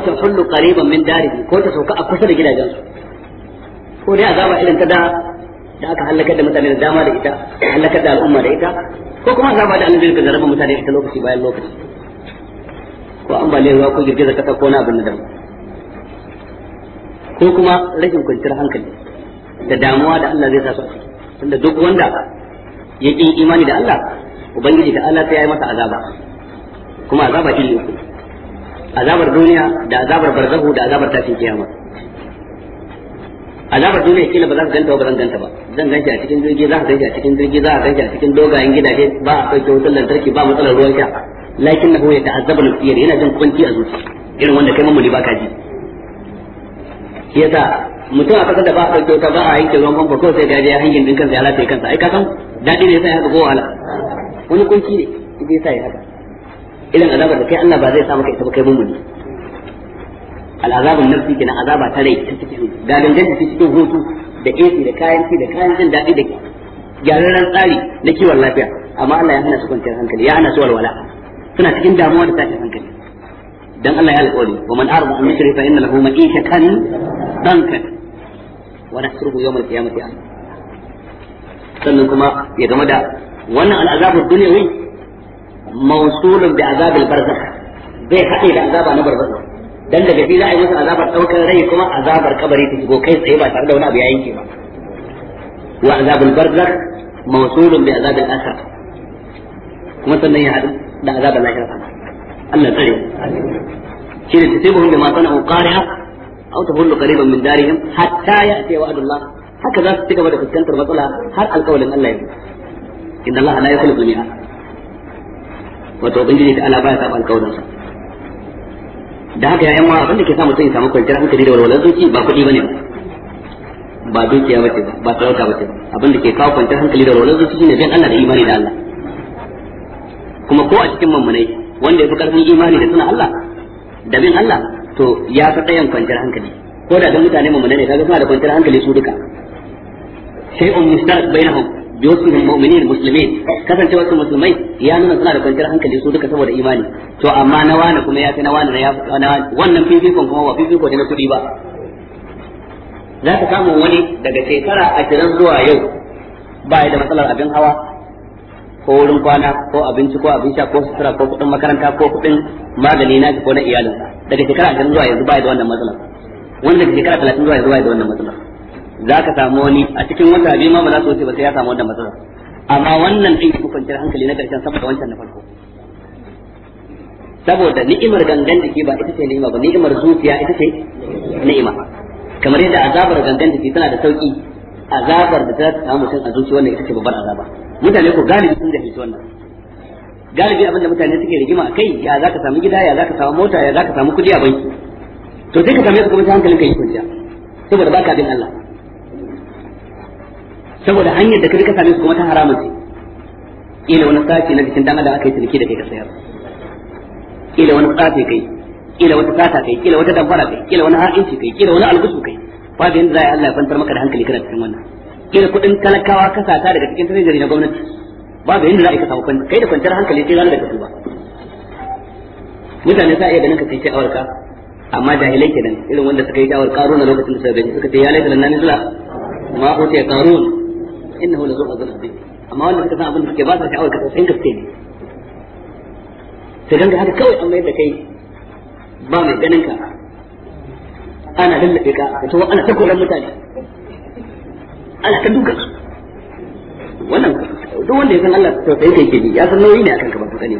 [SPEAKER 1] ta ko ta a kusa da gidajensu ko dai azaba irin ta da da aka halakar da mutane da dama da ita halakar da al'umma da ita ko kuma azaba da annabi ka jarraba mutane ita lokaci bayan lokaci ko ambaliyar ruwa ko girgizar kasa ko na abin da ko kuma rashin kwanciyar hankali da damuwa da Allah zai sa su tunda duk wanda ya ƙin imani da Allah ubangiji da Allah sai ya yi masa azaba kuma azaba iri uku azabar duniya da azabar barzahu da azabar tashin kiyama azabar duniya kila ba za ka ganta ba zan ganta ba zan ganshi a cikin jirgi za ka ganshi a cikin jirgi za ka ganshi a cikin dogayen gidaje ba a ɗauke wutar lantarki ba matsalar ruwan sha Lakin na lakinnahu yata'azzabu nafsiyar yana jin kunci a zuci irin wanda kai mamuli baka ji yasa mutum a kasar da ba a ɗauke wuta ba a yanke ruwan famfo ko sai gaje ya hangin din kansa ya lafiya kansa ai ka san daɗi ne sai haka ko wahala wani kunci ne idan sai haka irin azabar da kai Allah ba zai sa maka ita ba kai mummuni al'azabun nafsi kenan azaba ta rai ta cikin gadan da cikin hutu da AC da kayan ci da kayan jin daɗi da gyararren tsari na kiwon lafiya amma Allah ya hana su kwanciyar hankali ya hana su walwala suna cikin damuwa da tashin hankali dan Allah ya alƙawari wa man arba an yusri fa inna lahu ma'ishatan dankan wa nasruhu yawm al-qiyamati an sannan kuma ya game da wannan al'azabu dunyawi mawsulun bi azab al-barzakh bai haɗe da azaba na barzakh dan daga bi za a yi masa azabar daukar rai kuma azabar kabari ta shigo kai tsaye ba tare da wani abu ya yanke ba wa azabul barzakh mawsulun bi azab al-akhir kuma sannan ya haɗu da azabar lahira Allah tsare shi ne tusibuhum bima sana'u qariha aw tahullu qariban min darihim hatta ya'ti wa'dullah haka za su cigaba da fuskantar matsala har alƙawalin Allah ya yi inna Allah la yukhlifu al-mi'ad wato ubangiji da Allah baya saba alƙawarinsa da haka ya'yan ma abin da ke sa mutum ya samu kwanciyar hankali da walwalar zuci ba kuɗi bane ba ba dukiya bace ba ba sarauta bace ba abin da ke kawo kwanciyar hankali da walwalar zuci shine bin Allah da imani da Allah kuma ko a cikin mamunai wanda ya fi karfin imani da suna Allah da bin Allah to ya fi ɗayan kwanciyar hankali ko da don mutane mamunai ne kaga suna da kwanciyar hankali su duka sai shay'un mushtarak bainahum biwasfihim mu'minin muslimin kasancewar su musulmai ya nuna suna da kwanciyar hankali su duka saboda imani to amma na wani kuma ya fi na wani wannan fifikon kuma ba fifiko ne na kuɗi ba za ka samu wani daga shekara ashirin zuwa yau ba da matsalar abin hawa ko wurin kwana ko abinci ko abin sha ko sutura ko kuɗin makaranta ko kuɗin magani na ko na iyalinsa daga shekara ashirin zuwa yanzu ba da wannan matsalar wanda daga shekara talatin zuwa yanzu ba da wannan matsalar za ka samu wani a cikin wata abin ma ba za su wuce ba sai ya samu wannan matsalar amma wannan ɗin ku kwanciyar hankali na ƙarshen saboda wancan na farko saboda ni'imar gangan jiki ba ita ce ni'ima ba ni'imar zuciya ita ce ni'ima kamar yadda azabar gangan jiki tana da sauki azabar da ta samu mutum a zuciya wannan ita ce babbar azaba mutane ko galibi sun jahilci wannan galibi abinda mutane suke rigima kai ya zaka samu gida ya zaka samu mota ya zaka samu kudi a banki to sai ka same su kuma hankalin ka yi kwanciya saboda ba ka bin Allah saboda hanyar da ka same su kuma ta haramun ce ila wani sashi na cikin dan adam aka yi ciniki da kai ka sayar ila wani tsafi kai ila wata sata kai ila wata damfara kai ila wani ha'inci kai ila wani algusu kai babu yanda za a yi Allah ya kwantar maka da hankali kana cikin wannan kila kuɗin talakawa ka sata daga cikin tirejari na gwamnati babu yadda za a yi ka samu kai da kwanciyar hankali sai ranar da ka tuba mutane za a iya ganin ka kai sha'awar ka amma jahilai kenan irin wanda suka yi sha'awar karun na lokacin da suka gani suka ce ya laifin nan nisla ma utiya karun innahu la zu'a zalbi amma wanda suka san abin da suke ba sa sha'awar ka sai gaske ne sai ganga haka kawai amma yadda kai ba mai ganin ka
[SPEAKER 2] ana lallabe ka da to ana
[SPEAKER 1] takoran mutane ana ta duka su wannan duk wanda ya san Allah tausayi kai ke bi ya san nauyi ne akan ka ba ka sani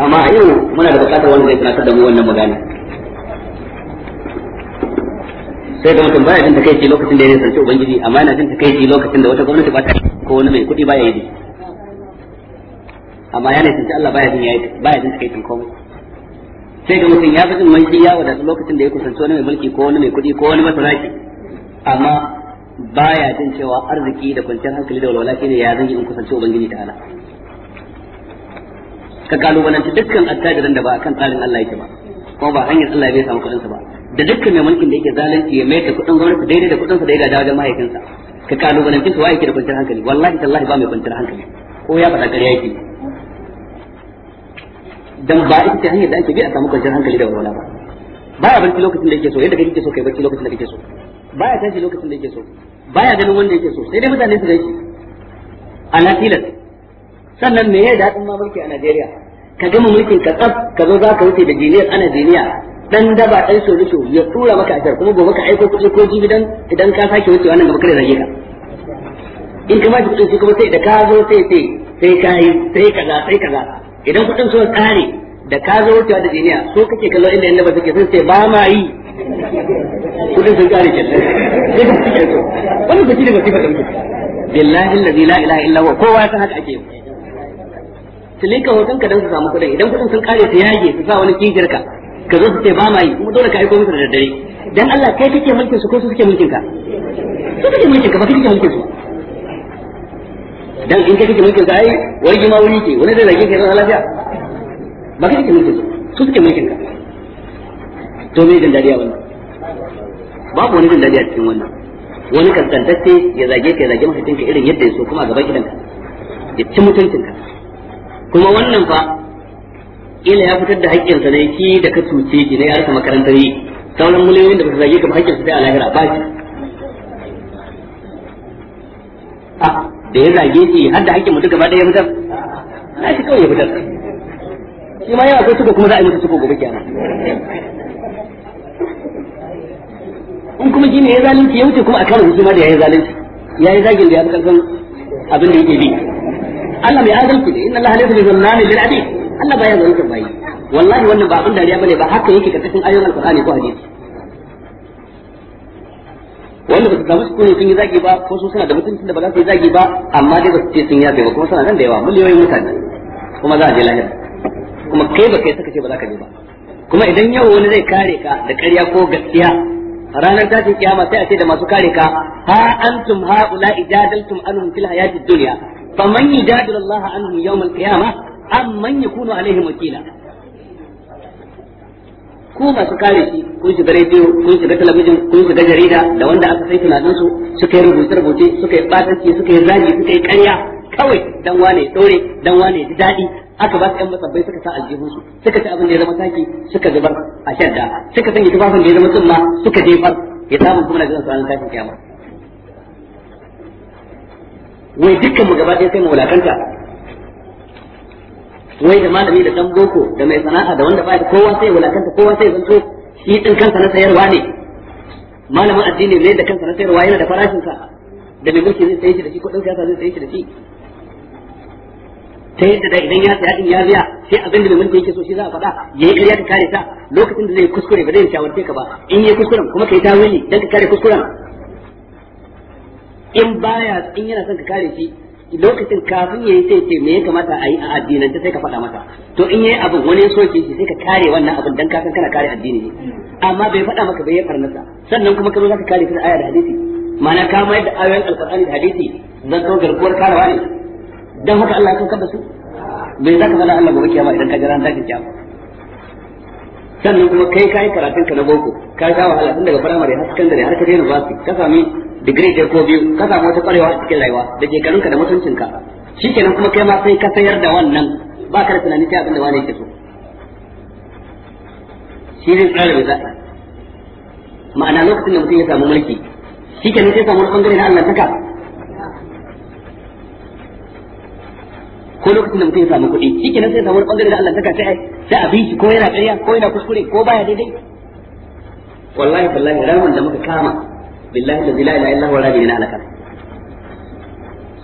[SPEAKER 1] amma a yau muna da bukatar wanda zai tunatar da mu wannan magana sai da mutum baya jin takaici lokacin da ya nisanci ubangiji amma yana jin takaici lokacin da wata gwamnati ba ta ko wani mai kuɗi baya yi amma ya nisanci Allah baya jin baya jin takaicin komai sai da mutum ya fi jin wanki ya wadatu lokacin da ya kusanci wani mai mulki ko wani mai kuɗi ko wani masaraki amma baya jin cewa arziki da kwanciyar hankali da walwala shine ya zan yi in kusance ubangiji ta ala ka kalubalanci dukkan attajirin da ba kan tsarin Allah yake ba kuma ba hanyar Allah bai samu kuɗinsa ba da dukkan mai mulkin da yake zalunci ya mai da kudin gwamnati daidai da kuɗinsa da ya gada wajen mahaifinsa ka kalubalanci su wa yake da kwanciyar hankali wallahi tallahi ba mai kwanciyar hankali ko ya faɗa ƙarya yake dan ba ita ce hanyar da ake bi a samu kwanciyar hankali da walwala ba baya barci lokacin da yake so yadda kake so kai barci lokacin da kake so baya tashi lokacin da yake so baya ganin wanda yake so sai dai mutane su gaishe a tilas sannan me ya daɗin ma mulki a Najeriya ka gama mulkin ka tsaf ka zo za ka wuce da jiniyar ana jiniya dan daba dan sorisho ya tura maka ajar kuma gobe ka aiko kuɗi ko jibi dan idan ka sake wuce wannan gaba kada zage ka in ka bashi kuɗin shi kuma sai da ka zo sai sai sai ka yi sai kaza sai kaza idan kuɗin sun kare da ka zo wucewa da jiniya so kake kallo inda inda ba suke sun sai ba ma yi kudin sun kare kenan sai ka kike so wannan ku shine wasifa da muke
[SPEAKER 3] billahi allazi la
[SPEAKER 1] ilaha illa wa kowa ta haka ake yi. lika hoton ka dan su samu kudin idan kudin sun kare su yage su sa wani kijir ka ka zo su ce ba ma yi kuma dole ka aiko musu da daddare dan Allah kai kake mulkin su ko su suke mulkin ka
[SPEAKER 3] su kake mulkin ka ba
[SPEAKER 1] kake mulkin su dan in ka kake mulkin ka ai wargi ma wuri ke wani zai zage ka ran lafiya ba kake mulkin su su suke mulkin ka to me jin dariya
[SPEAKER 3] wannan babu wani jin dariya
[SPEAKER 1] cikin wannan wani kaskantacce ya zage ka ya zage mahaifinka irin yadda ya so kuma a gaban gidanka ya ci ka kuma wannan fa ila ya fitar da haƙƙinsa ne ki da ka cuce ki ne ya rasa makarantar yi sauran miliyoyin da ba su zage ka ba haƙƙinsa sai a lahira ba ki da ya zage ki har da haƙƙin mutum gaba ɗaya ya fitar na shi kawai ya fitar
[SPEAKER 3] shi ma yawa ko suka kuma za a yi masa suko gobe kenan
[SPEAKER 1] in kuma shi ne ya zalunci ya wuce kuma a karin hukuma da ya yi zalunci ya yi zagin da ya fi karfin abin da yake bi
[SPEAKER 3] Allah mai adalci ne inna Allah laysa bi zallamin lil abid
[SPEAKER 1] Allah baya zalunta bai wallahi wannan ba abin dariya bane ba haka yake karkashin ayoyin alqur'ani ko hadisi wanda ba su samu sukuni sun yi zagi ba ko su suna da mutuncin da ba za su yi zagi ba amma dai ba su ce sun yafe ba kuma suna nan da yawa miliyoyin mutane kuma za a je lahira kuma kai ba kai saka ce ba za ka je ba kuma idan yau wani zai kare ka da ƙarya ko gaskiya ranar tashin kiyama sai a ce da masu kare ka ha antum ula ijadaltum anhum fil hayatid dunya faman yujadilu Allah anhum yawm al qiyama am man yakunu alaihim wakila ku masu kare shi kun shiga rediyo kun shiga talabijin kun shiga jarida da wanda aka sai tunanin su suka yi rubuce rubuce suka yi batanci suka yi zagi suka yi kawai dan wane dore dan wane ji dadi aka ba su yan masabbai suka sa aljihu su suka ci abin da ya zama taki suka zubar a shadda suka sanya tufafin da ya zama sunna suka jefar ya samu kuma daga sanin tashin kiyama wai dukkan mu gaba ɗaya sai mu wulakanta wai da malami da dan boko da mai sana'a da wanda ba kowa sai wulakanta kowa sai zanto shi din kansa na sayarwa ne malamin addini ne da kansa na sayarwa yana da farashin sa da mai mulki zai sayi shi da shi ko siyasa zai sayi shi da shi Sai yadda idan ya saya din ya biya sai abin da mai mulki yake so shi za a faɗa yi ƙarya ka kare ta lokacin da zai kuskure ba zai shawarce ka ba in yi kuskuren kuma kai tawili dan ka kare kuskuren in baya in yana son ka kare shi lokacin kafin yi sai ce me ya kamata a yi a addinance sai ka faɗa masa to in yi abin wani so ke shi sai ka kare wannan abin dan ka kana kare addini ne amma bai faɗa maka bai ya farnasa sannan kuma kamar za ka kare shi da aya da hadisi ma'ana ka mayar da ayoyin alqur'ani da hadisi zan kawo garkuwar karawa ne dan haka Allah ya saukar da su bai zaka zana Allah gobe kiyama idan ka jira ran tashin kiyama sannan kuma kai kai karatun ka na boko ka ga wahala tun daga firamare har sakandare har ka je university ka sami digiri ɗaya ko biyu ka samu wata kwarewa a cikin rayuwa da shekarunka da mutuncinka shikenan kuma kai ma sai ka sayar da wannan ba ka da tunani sai abin da wani yake so shi ne tsare bai zaɓa ma'ana lokacin da mutum ya samu mulki shikenan sai samu wani bangare na Allah saka ko lokacin da mutum ya samu kuɗi nan sai ya samu wani da Allah ta sai sai a bi ko yana ƙarya ko yana kuskure ko baya daidai wallahi wallahi ramin da muka kama billahi la ilaha illa huwa rabbi na alaka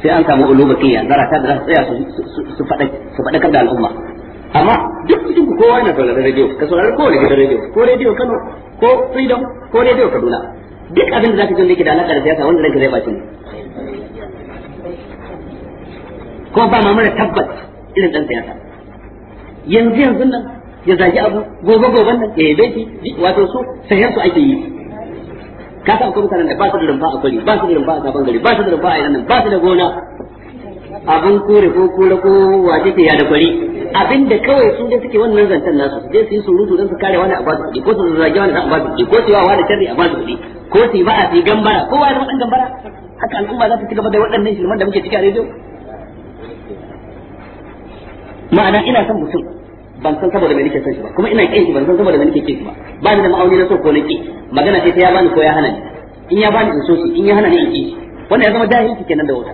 [SPEAKER 1] sai an samu ulubatiya zarata da tsaya su faɗakar da al'umma amma duk cikin ku kowa yana sauraron radio ka saurari kowane gidan radio ko radio Kano ko Freedom ko radio Kaduna duk abin da zaka ji da ke da alaka da siyasa wanda ranka zai baci ne ko ba ma mara tabbas irin dan siyasa yanzu yanzu nan ya zagi abu gobe gobe nan ya yabe shi wato su sayar su ake yi ka san akwai mutanen da ba su da rumfa a kwari ba su da rumfa a gaban gari ba su da rumfa a yanar ba su da gona abin kore ko kore ko wace ke ya da kwari abin da kawai sun da suke wannan zancen nasu su je su yi surutu don su kare wani a ba su kuɗi ko su zage wani a ba kuɗi ko su yi wa wani sharri a ba kuɗi ko su yi ba a su yi gambara ko wani waɗannan gambara haka al'umma za su ci gaba da waɗannan shirman da muke ciki a rediyo ma'ana ina son mutum ban san saboda me nake son shi ba kuma ina kin shi ban san saboda me nake kin shi ba ba ni da ma'auni na so ko nake ki magana sai ta ya bani ko ya hana ni in ya bani in so shi in ya hana ni in ki shi wannan ya zama jahilci kenan da wuta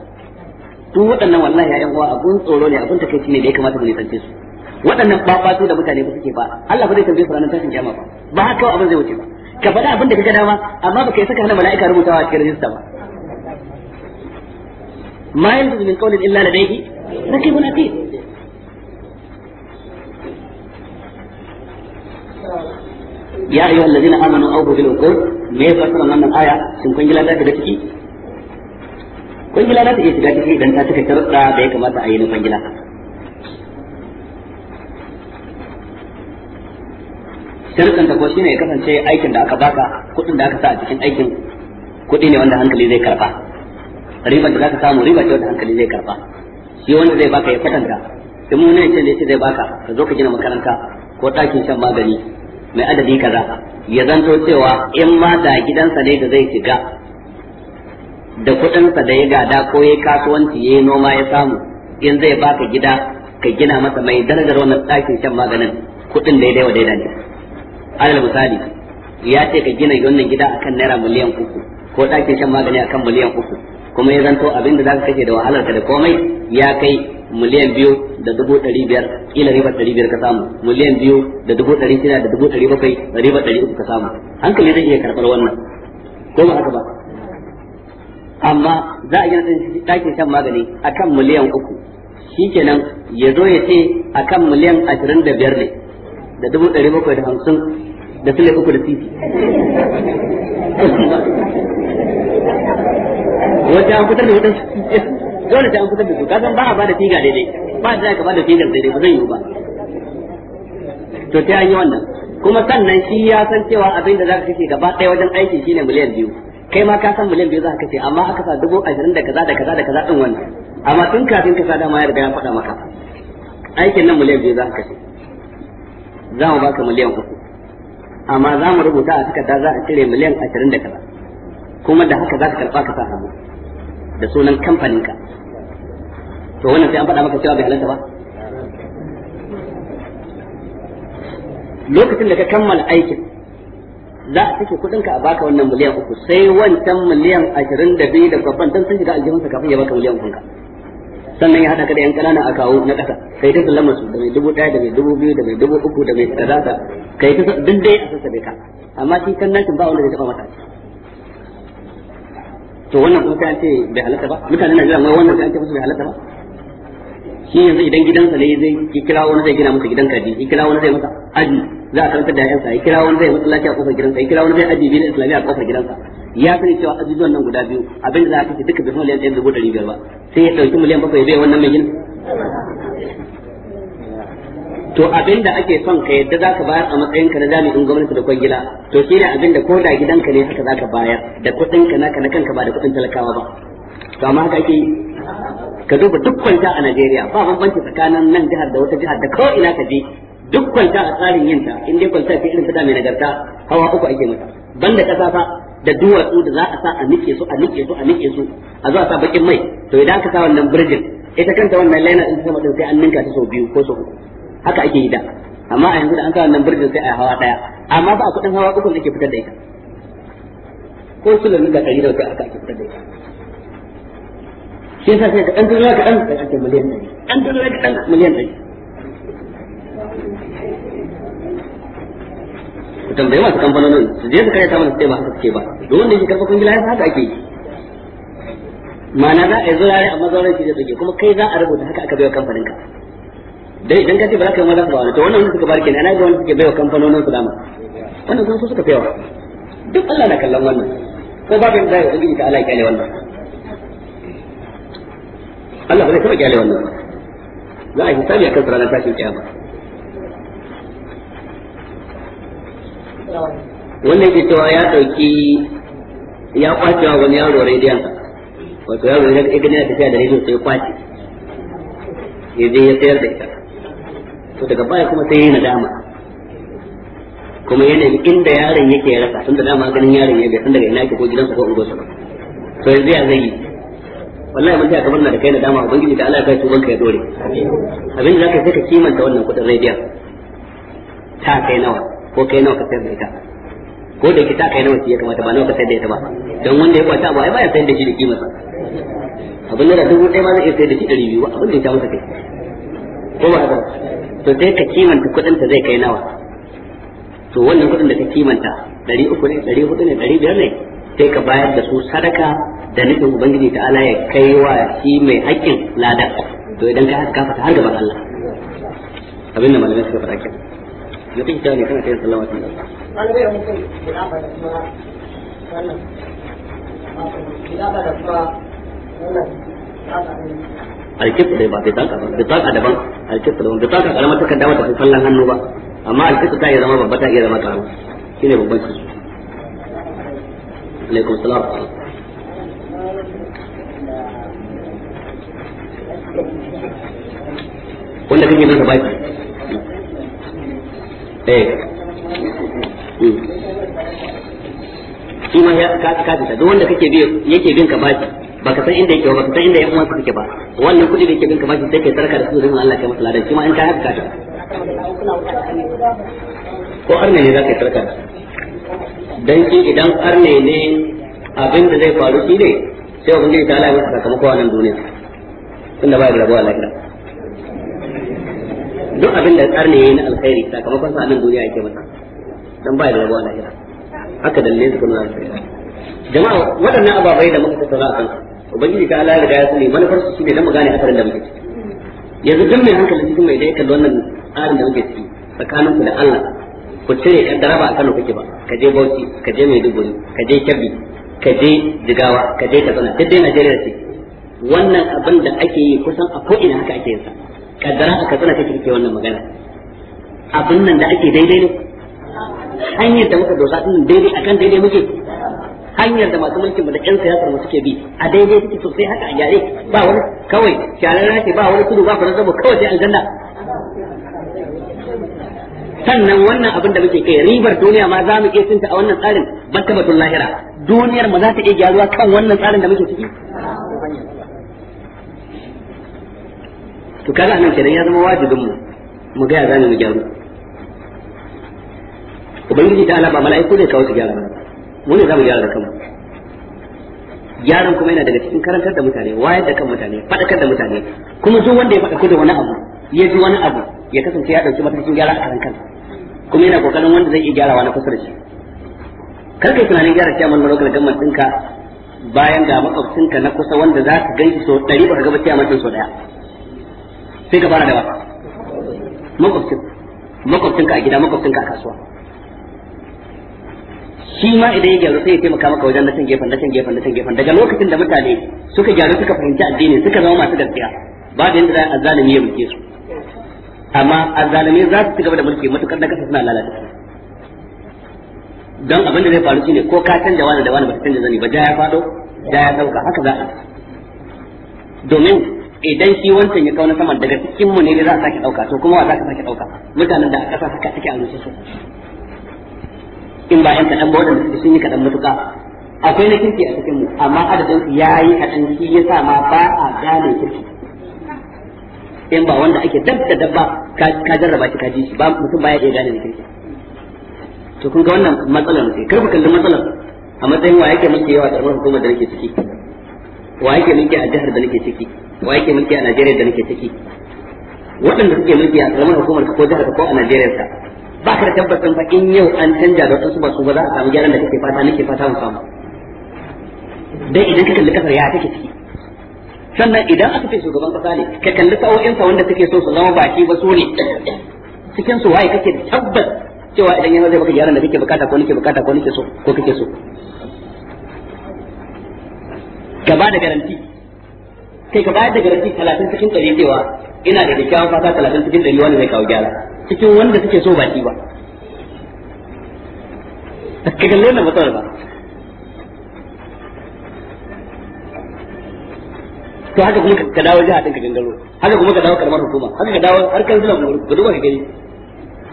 [SPEAKER 1] duk waɗannan wallahi ya yan uwa abun tsoro ne abun takeici ne da ya kamata mu tantance su waɗannan babatu da mutane ba suke ba Allah ba zai tambaye su ranar tashin kiyama ba ba haka abin zai wuce ba ka faɗa abin da kaga dama amma baka yi saka hana mala'ika rubutawa a cikin rajista ba ma yanzu min qawlin illa ladayhi rakibun atid ya ayyuhal الذين amanu awfu بالعقود ما me ya fasara wannan aya shin kun كن ta shiga ciki kun gila ta shiga ciki idan ta cika sharuɗa da ya kamata a yi ta ko shine ya kasance aikin da aka baka kuɗin da aka sa a cikin aikin kuɗi ne wanda hankali zai karfa riba da zaka samu riba ce wanda hankali zai karfa shi wanda zai baka ya kwatanta in mun ne ce zai baka ka zo ka gina makaranta ko ɗakin shan magani mai adadi kaza ya zanto cewa in ma da gidansa ne da zai shiga da kuɗinsa da ya gada ko ya kasuwanci ya yi noma ya samu in zai baka gida ka gina masa mai darajar wannan ɗakin shan maganin kuɗin da ya wa daidai ne alal misali ya ce ka gina wannan gida akan naira miliyan uku ko ɗakin shan magani akan miliyan uku kuma ya zanto abin da za ka kashe da wahalar ka da komai ya kai miliyan biyu da dubu ɗari biyar ila riba ɗari biyar ka samu miliyan biyu da dubu ɗari shida da dubu ɗari bakwai riba ɗari uku ka samu hankali zai iya karɓar wannan ko ba haka ba amma za a gina ɗakin shan magani a kan miliyan uku shi kenan ya zo ya ce a kan miliyan ashirin da biyar ne da dubu ɗari bakwai da hamsin da sule uku da titi wajen fitar da waɗansu dole sai an fitar da su ka san ba a bada tiga daidai ba a ka bada figar daidai ba zai yiwu ba
[SPEAKER 3] to sai an yi wannan
[SPEAKER 1] kuma sannan shi ya san cewa abin da za ka kashe gaba ɗaya wajen aikin shine miliyan biyu kai ma ka san miliyan biyu za ka kashe amma aka sa dubu ashirin da kaza da kaza da kaza ɗin wannan amma tun kafin ka sa dama ya riga ya faɗa maka aikin nan miliyan biyu za ka kashe za mu baka miliyan uku amma za mu rubuta a takarda za a cire miliyan ashirin da kaza kuma da haka za ka karɓa ka sa hannu da sunan kamfaninka to wannan sai an faɗa maka cewa bai halatta ba lokacin da ka kammala aikin za a take kuɗinka a baka wannan miliyan uku sai wancan miliyan ashirin da biyu da babban dan sun shiga aljihunsa kafin ya baka miliyan kunka sannan ya haɗa ka da yan ƙananan kawo na ƙasa kai ta sallama su da mai dubu ɗaya da mai dubu biyu da mai dubu uku da mai kaza ka kai ta duk dai a sassabe ka amma shi kan nashin ba wanda zai taɓa mata to wannan kuma ta an ce bai halatta ba mutanen Najeriya ma wannan ta an ce musu bai halatta ba shi yanzu idan gidansa ne zai ki kira wani zai gina masa gidan kaji ki kira wani zai masa aji za a karanta da yansa ki kira wani zai masallaci a kofar gidansa ki kira wani zai aji bin islamiyya a kofar gidansa ya sani cewa ajujuwan nan guda biyu abin da za a kashe duka bai miliyan ɗaya dubu ɗari biyar ba sai ya ɗauki miliyan bakwai bai wannan mai gina to abin da ake son ka yadda za ka bayar a matsayinka na jami'in gwamnati da kwangila to shi ne abin da ko da gidanka ne haka za ka bayar da kuɗinka naka na kanka ba da kuɗin talakawa ba to amma haka ake ka duba duk kwanta a Najeriya ba bambanci tsakanin nan jihar da wata jihar da kawai ina ka je duk kwanta a tsarin yin ta in dai kwanta ke irin fita mai nagarta hawa uku ake mata banda kasa fa da duwatsu da za a sa a nike su a nike su a nike su a zo a sa bakin mai to idan ka sa wannan birjin ita kanta wannan laina din sama din sai an ninka ta sau biyu ko sau uku haka ake yi da amma a yanzu da an sa wannan birjin sai a hawa daya amma ba a kudin hawa uku ne ke fitar da ita ko su da nuka ɗari da wata aka ake fitar da ita shi yasa sai ka dan dalla ka dan ka ce miliyan ɗari dan dalla ka dan miliyan ɗari
[SPEAKER 3] ku tambaye masu kamfanonin su je su kare ta
[SPEAKER 1] mana sai ba haka suke ba duk wanda yake karfa kungila yasa haka ake yi ma'ana za a yi zurare amma zauren shi zai tsage kuma kai za a rubuta haka aka baiwa wa kamfanin ka dai idan ka ce ba za ka yi maza ka wani to wannan wanda suka barke ne ana ga wanda suke baiwa kamfanonin su dama wannan sun so suka fi yawa duk Allah na kallon wannan ko babu yadda ya ubangiji ta Allah ya kyale wannan Allah ba zai taɓa kyale wannan za a yi hisabi kan ranar tashin kiyama wannan ke cewa ya ɗauki ya kwace wa wani yaro rediyon wato yaro ya gani na tafiya da rediyon sai kwace ya je ya sayar da ita to daga baya kuma sai ya yi nadama kuma yana inda yaron yake ya rasa tun da dama ganin yaron ya bai san daga ina yake ko gidansa ko unguwarsa ba to yanzu ya zai yi wallahi mun ga wannan da kai na dama ubangiji da Allah ya kai tuban ka ya dore abin da zaka sai ka kimanta wannan kudin rediyon ta kai nawa ko kai nawa ka sayar da ita ko da ki ta kai nawa ya kamata ba nawa ka sayar da ita ba don wanda ya kwata ba ai baya sayar da shi da sa abin da dubu ɗaya ma zai iya sayar da shi ɗari biyu abin da ya ta masa kai ko ba haka to sai ka kimanta kudin ta zai kai nawa to wannan kudin da ka kimanta ɗari uku ne ɗari hudu ne ɗari biyar ne sai ka bayar da su sadaka da nufin ubangiji ta ala ya kai wa shi mai haƙƙin ladan to idan ka haka ta har gaban Allah abin da malamai suka faɗa kin ya kike ne kana kai sallama ta Allah
[SPEAKER 3] malamai mun kai da ba da kuma da ba da kuma dai ba ba daban
[SPEAKER 1] daban karamar ta kaddama ta hannu ba amma ta iya zama babba ta iya zama karama shine babban su alaikum salam wanda kake masa baki eh hmm. shi ma ya ka ka da wanda kake biyo yake bin ka baki baka san inda yake ba ka san inda yan uwansa kake ba wannan kudi da yake bin ka baki sai kai sarka da su zuwa Allah kai masa ladan shi ma in ka haka ta ko arne ne zaka sarka dan ki idan arne ne abin da zai faru shi ne sai wanda ya tala ya masa sakamako wannan nan duniya tunda ba ya rabuwa lafiya duk abin da karne yayi na alkhairi sakamakon sa nan duniya yake masa dan ba da rabo a lahira haka dalle su kuma alkhairi jama'a waɗannan ababai da muka tattauna a kan ubangiji ta Allah da ya sani manufar su shine dan mu gane asarin da muke ciki yanzu dan mai hankali cikin mai yake da wannan tsarin da muke ciki tsakanin ku da Allah ku cire kaddara ba akan kuke ba ka je Bauchi ka je mai Maiduguri ka je kabi ka je Jigawa ka je Katsina duk dai Najeriya ce wannan abin da ake yi kusan a ko ina haka ake yin sa kaddara aka tsana take kike wannan magana abin nan da ake daidai ne
[SPEAKER 3] hanyar da muka dosa din daidai akan daidai muke
[SPEAKER 1] hanyar da masu mulkin da ƴan siyasar mu suke bi a daidai suke sosai haka a gyare ba wani kawai kyalar rashi ba wani kudu ba kuma zabo kawai sai aljanna
[SPEAKER 3] sannan wannan abin da muke
[SPEAKER 1] kai ribar duniya ma za mu iya cinta a wannan tsarin batta batun lahira duniyar ma za ta iya gyaruwa kan wannan tsarin da muke ciki to kaga nan kenan ya zama wajibin mu mu ga ya mu gyaru ubangiji ta alaba mala'iku zai kawo su gyara mana mu ne mu gyara da kanmu gyaran kuma yana daga cikin karantar da mutane wayar da kan mutane faɗakar da mutane kuma duk wanda ya ko da wani abu ya ji wani abu ya kasance ya ɗauki matakin gyara a karan kuma yana kokarin wanda zai iya gyarawa na kusa da shi kar kai tunanin gyara kiyaman na lokacin gamar ɗinka bayan ga makwabcinka na kusa wanda za ka ganki so ɗari ba ka gaba ciyaman ɗin so ɗaya sai ka fara da wasa makwabcin makwabcinka a gida makwabcinka a kasuwa shi ma idan ya gyaru sai ya taimaka maka wajen na gefen na gefen na gefen daga lokacin da mutane suka gyaru suka fahimci addini suka zama masu gaskiya ba da yadda zalimi ya mulke su amma azzalumi za su ci gaba da mulki matukar na kasa suna lalata don abin da zai faru shine ko ka canja wani da wani ba ta canja zani ba ja ya fado ja ya sauka haka za a domin idan shi wancan ya kawo na saman daga cikin mu ne za a sake dauka to kuma wa za ka sake dauka mutanen da kasa suka take a rusu su in ba yan kadan ba wadanda suke sun yi kadan mutuka akwai na kirki a cikin mu amma adadin ya yi cikin shi yasa ma ba a gane kirki in ba wanda ake dab da dabba ka jarraba shi ka ji shi ba mutum baya iya gane kirki to kun ga wannan matsalar ne kar ku kalli matsalar a matsayin wa yake muke yawa karamar hukumar da nake ciki wa yake muke a jihar da nake ciki wa yake mulki a Najeriya da nake ciki waɗanda suke mulki a karamar hukumar ko jihar ko a Najeriya sa ba ka da tabbacin fa in yau an canja da wasu ba su ba za a samu gyaran da kake fata nake fata mu samu dai idan ka kalli kasar ya take ciki sannan idan aka ce shugaban kasa ne ka kalli sa wanda take so su zama baki ba su ne cikin su waye kake tabbas cewa idan yana zai baka gyaran da kake bukata ko nake bukata ko nake so ko kake so gaba da garanti kai ka bayar da garanti talatin cikin ɗari cewa ina da kyakkyawan fata talatin cikin ɗari wanda zai kawo gyara cikin wanda suke so baki ba [laughs] ka kalli wannan matsalar ba to haka kuma ka dawo jiha ɗin ka gangaro haka kuma ka dawo karamar hukuma haka ka dawo har zuwa ga duba ka gani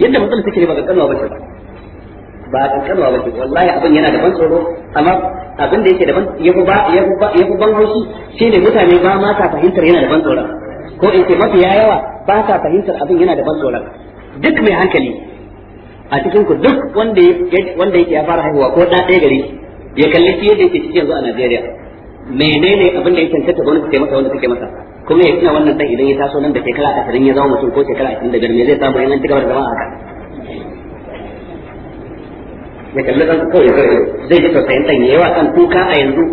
[SPEAKER 1] yadda matsalar take ne ba ka kanuwa ba ce ba ba kankanwa ba ke, wallahi abin yana da ban tsoro amma abin da yake da ban yafi ba yafi ban haushi shine mutane ba ma ta fahimtar yana da ban tsoron ko in ce mafi yawa ba ta fahimtar abin yana da ban tsoron duk mai hankali a cikin ku duk wanda wanda yake ya fara haihuwa ko da ɗaya gari ya kalli fiye da yake cikin yanzu a Najeriya menene abin da ya cancanta gwamnati ta masa wanda take masa kuma ya tuna wannan dan idan ya taso nan da shekara 20 ya zama mutum ko shekara 25 me zai samu in an cigaba da zama a haka ya kalli kanka kawai ya zai zai ji tausayin ɗan yawa kan kuka a yanzu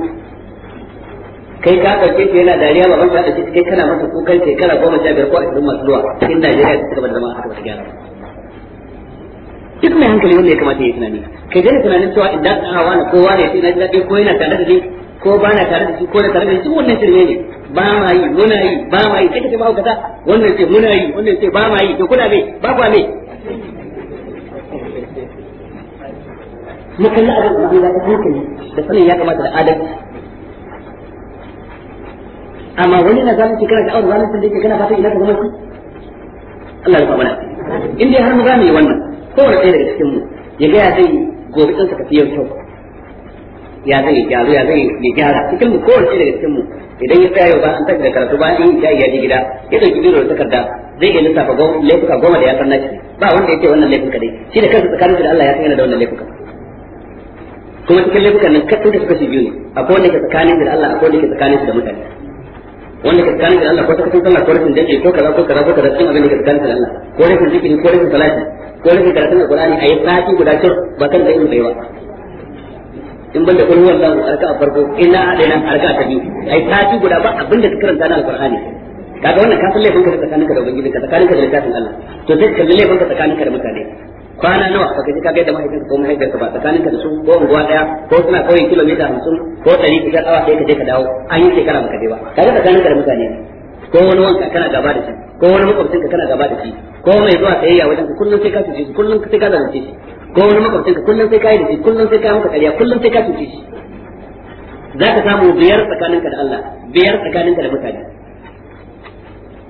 [SPEAKER 1] kai ka ɗauke ke yana dariya ba ban ka kai kana masa kukan kana goma sha biyar ko cikin masu zuwa cikin Najeriya da suka bada zama haka ba gyara duk mai hankali wanda ya kamata ya yi tunani kai dai-dai tunanin cewa idan ka hawa na kowa ne sai na ji daɗi ko yana tare da ni ko ba na tare da shi ko na tare da shi wannan shirme ne ba ma yi muna yi ba ma yi kake ce ba hukata wannan ce muna yi wannan ce ba ma yi to kuna me ba kwa me
[SPEAKER 3] na kalli abin da bai zaka
[SPEAKER 1] ne da sanin ya kamata da adam amma wani na zalunci kana da aure zalunci da yake kana fatan ina ka zama shi Allah ya fa'ala in dai har mu gane wannan kowane ɗaya daga cikin mu ya ga ya zai gobe ɗansa ka fi yau kyau ya zai gyaru ya zai ya gyara cikin mu kowane ɗaya daga cikin mu idan ya tsaya yau ba an tashi da karatu ba in ya iya gida ya dauki biro da takarda zai iya lissafa laifuka goma da ya san nashi ba wanda ya ce wannan laifuka dai shi da kansa tsakanin da Allah ya san yana da wannan laifuka kuma cikin laifukan nan kasan da suka shi biyu ne akwai wanda ke tsakanin da Allah akwai wanda ke tsakanin da mutane wanda ke tsakanin da Allah ko ta kasan sallah ko rashin dake ko kaza ko kaza ko kaza cikin abin da ke tsakanin da Allah ko rashin zikiri ko rashin salati ko rashin karatun alqur'ani ayi sati guda ce ba kan da yin baiwa in banda kullu wallahu arka farko ina adaina arka ta biyu ayi sati guda ba abin da ka karanta na alqur'ani kaga wannan kasan laifin ka tsakanin ka da ubangiji ka tsakanin ka da Allah to sai ka laifin ka tsakanin ka da mutane kwana nawa ka kaji ka da mahaifin ko ka ba ka da su ko unguwa daya ko suna kawai kilomita hamsin ko ɗari ka tsawa sai ka je ka dawo an yi shekara baka je ba tsakanin ka da mutane ko wani wanka kana gaba da shi ko wani ka kana gaba da shi ko mai zuwa tsayayya wajen kullum sai ka tuce shi kullum sai ka zance shi ko wani ka kullum sai ka yi da shi kullum sai ka maka kariya kullum sai ka tuce shi za ka samu biyar ka da Allah biyar ka da mutane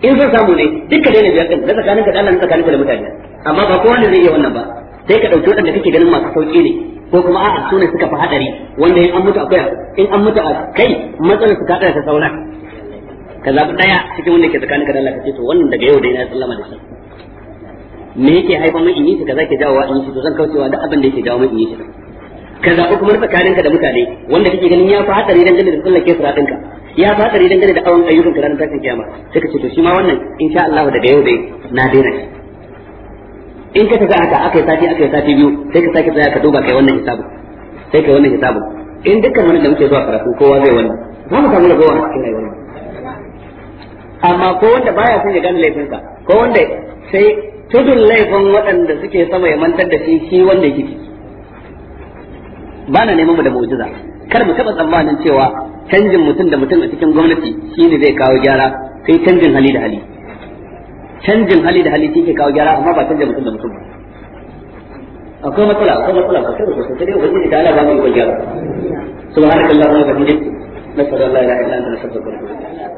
[SPEAKER 1] in zan samu ne duka daina biyar din na tsakanin ka da tsakanin ka da mutane amma ba kowa ne zai iya wannan ba sai ka ɗauki wadanda kake ganin masu sauƙi ne ko kuma a'a su ne suka fi haɗari wanda in an mutu a in an mutu a kai matsalar su ta ta sauran ka zaɓi ɗaya cikin wanda ke tsakanin ka da Allah kace to wannan daga yau da na sallama da shi me yake haifar mai inyi kaza ke jawo in shi to zan kaucewa da abin da yake jawo mai inyi ka zaɓi kuma tsakanin ka da mutane wanda kake ganin ya fi haɗari dan da tsallake sura ɗinka ya fi hadari dangane da awon ayyukan ka ranar tashin kiyama sai ka ce to shi ma wannan insha Allah daga yau dai na daina shi in ka tafi haka aka yi sati aka yi sati biyu sai ka sake tsaya ka duba kai wannan hisabu sai kai wannan hisabu in dukkan wannan da muke zuwa karatu kowa zai wannan za mu samu ragowa a cikin rayuwar amma ko wanda baya son ya gane laifinsa ko wanda sai tudun laifin waɗanda suke sama ya mantar da shi shi wanda yake ciki ba na neman mu da mu'jiza kar mu taɓa tsammanin cewa canjin mutum da mutum a cikin gwamnati shi ne zai kawo gyara sai canjin hali da hali canjin hali da hali shi ke kawo gyara amma ba canjin mutum da mutum ba akwai matsala akwai matsala ba sai ba sai ubangiji da Allah ba mu yi gyara subhanallahi wa bihamdika nasalla la ilaha illa anta nastaghfiruka wa natubu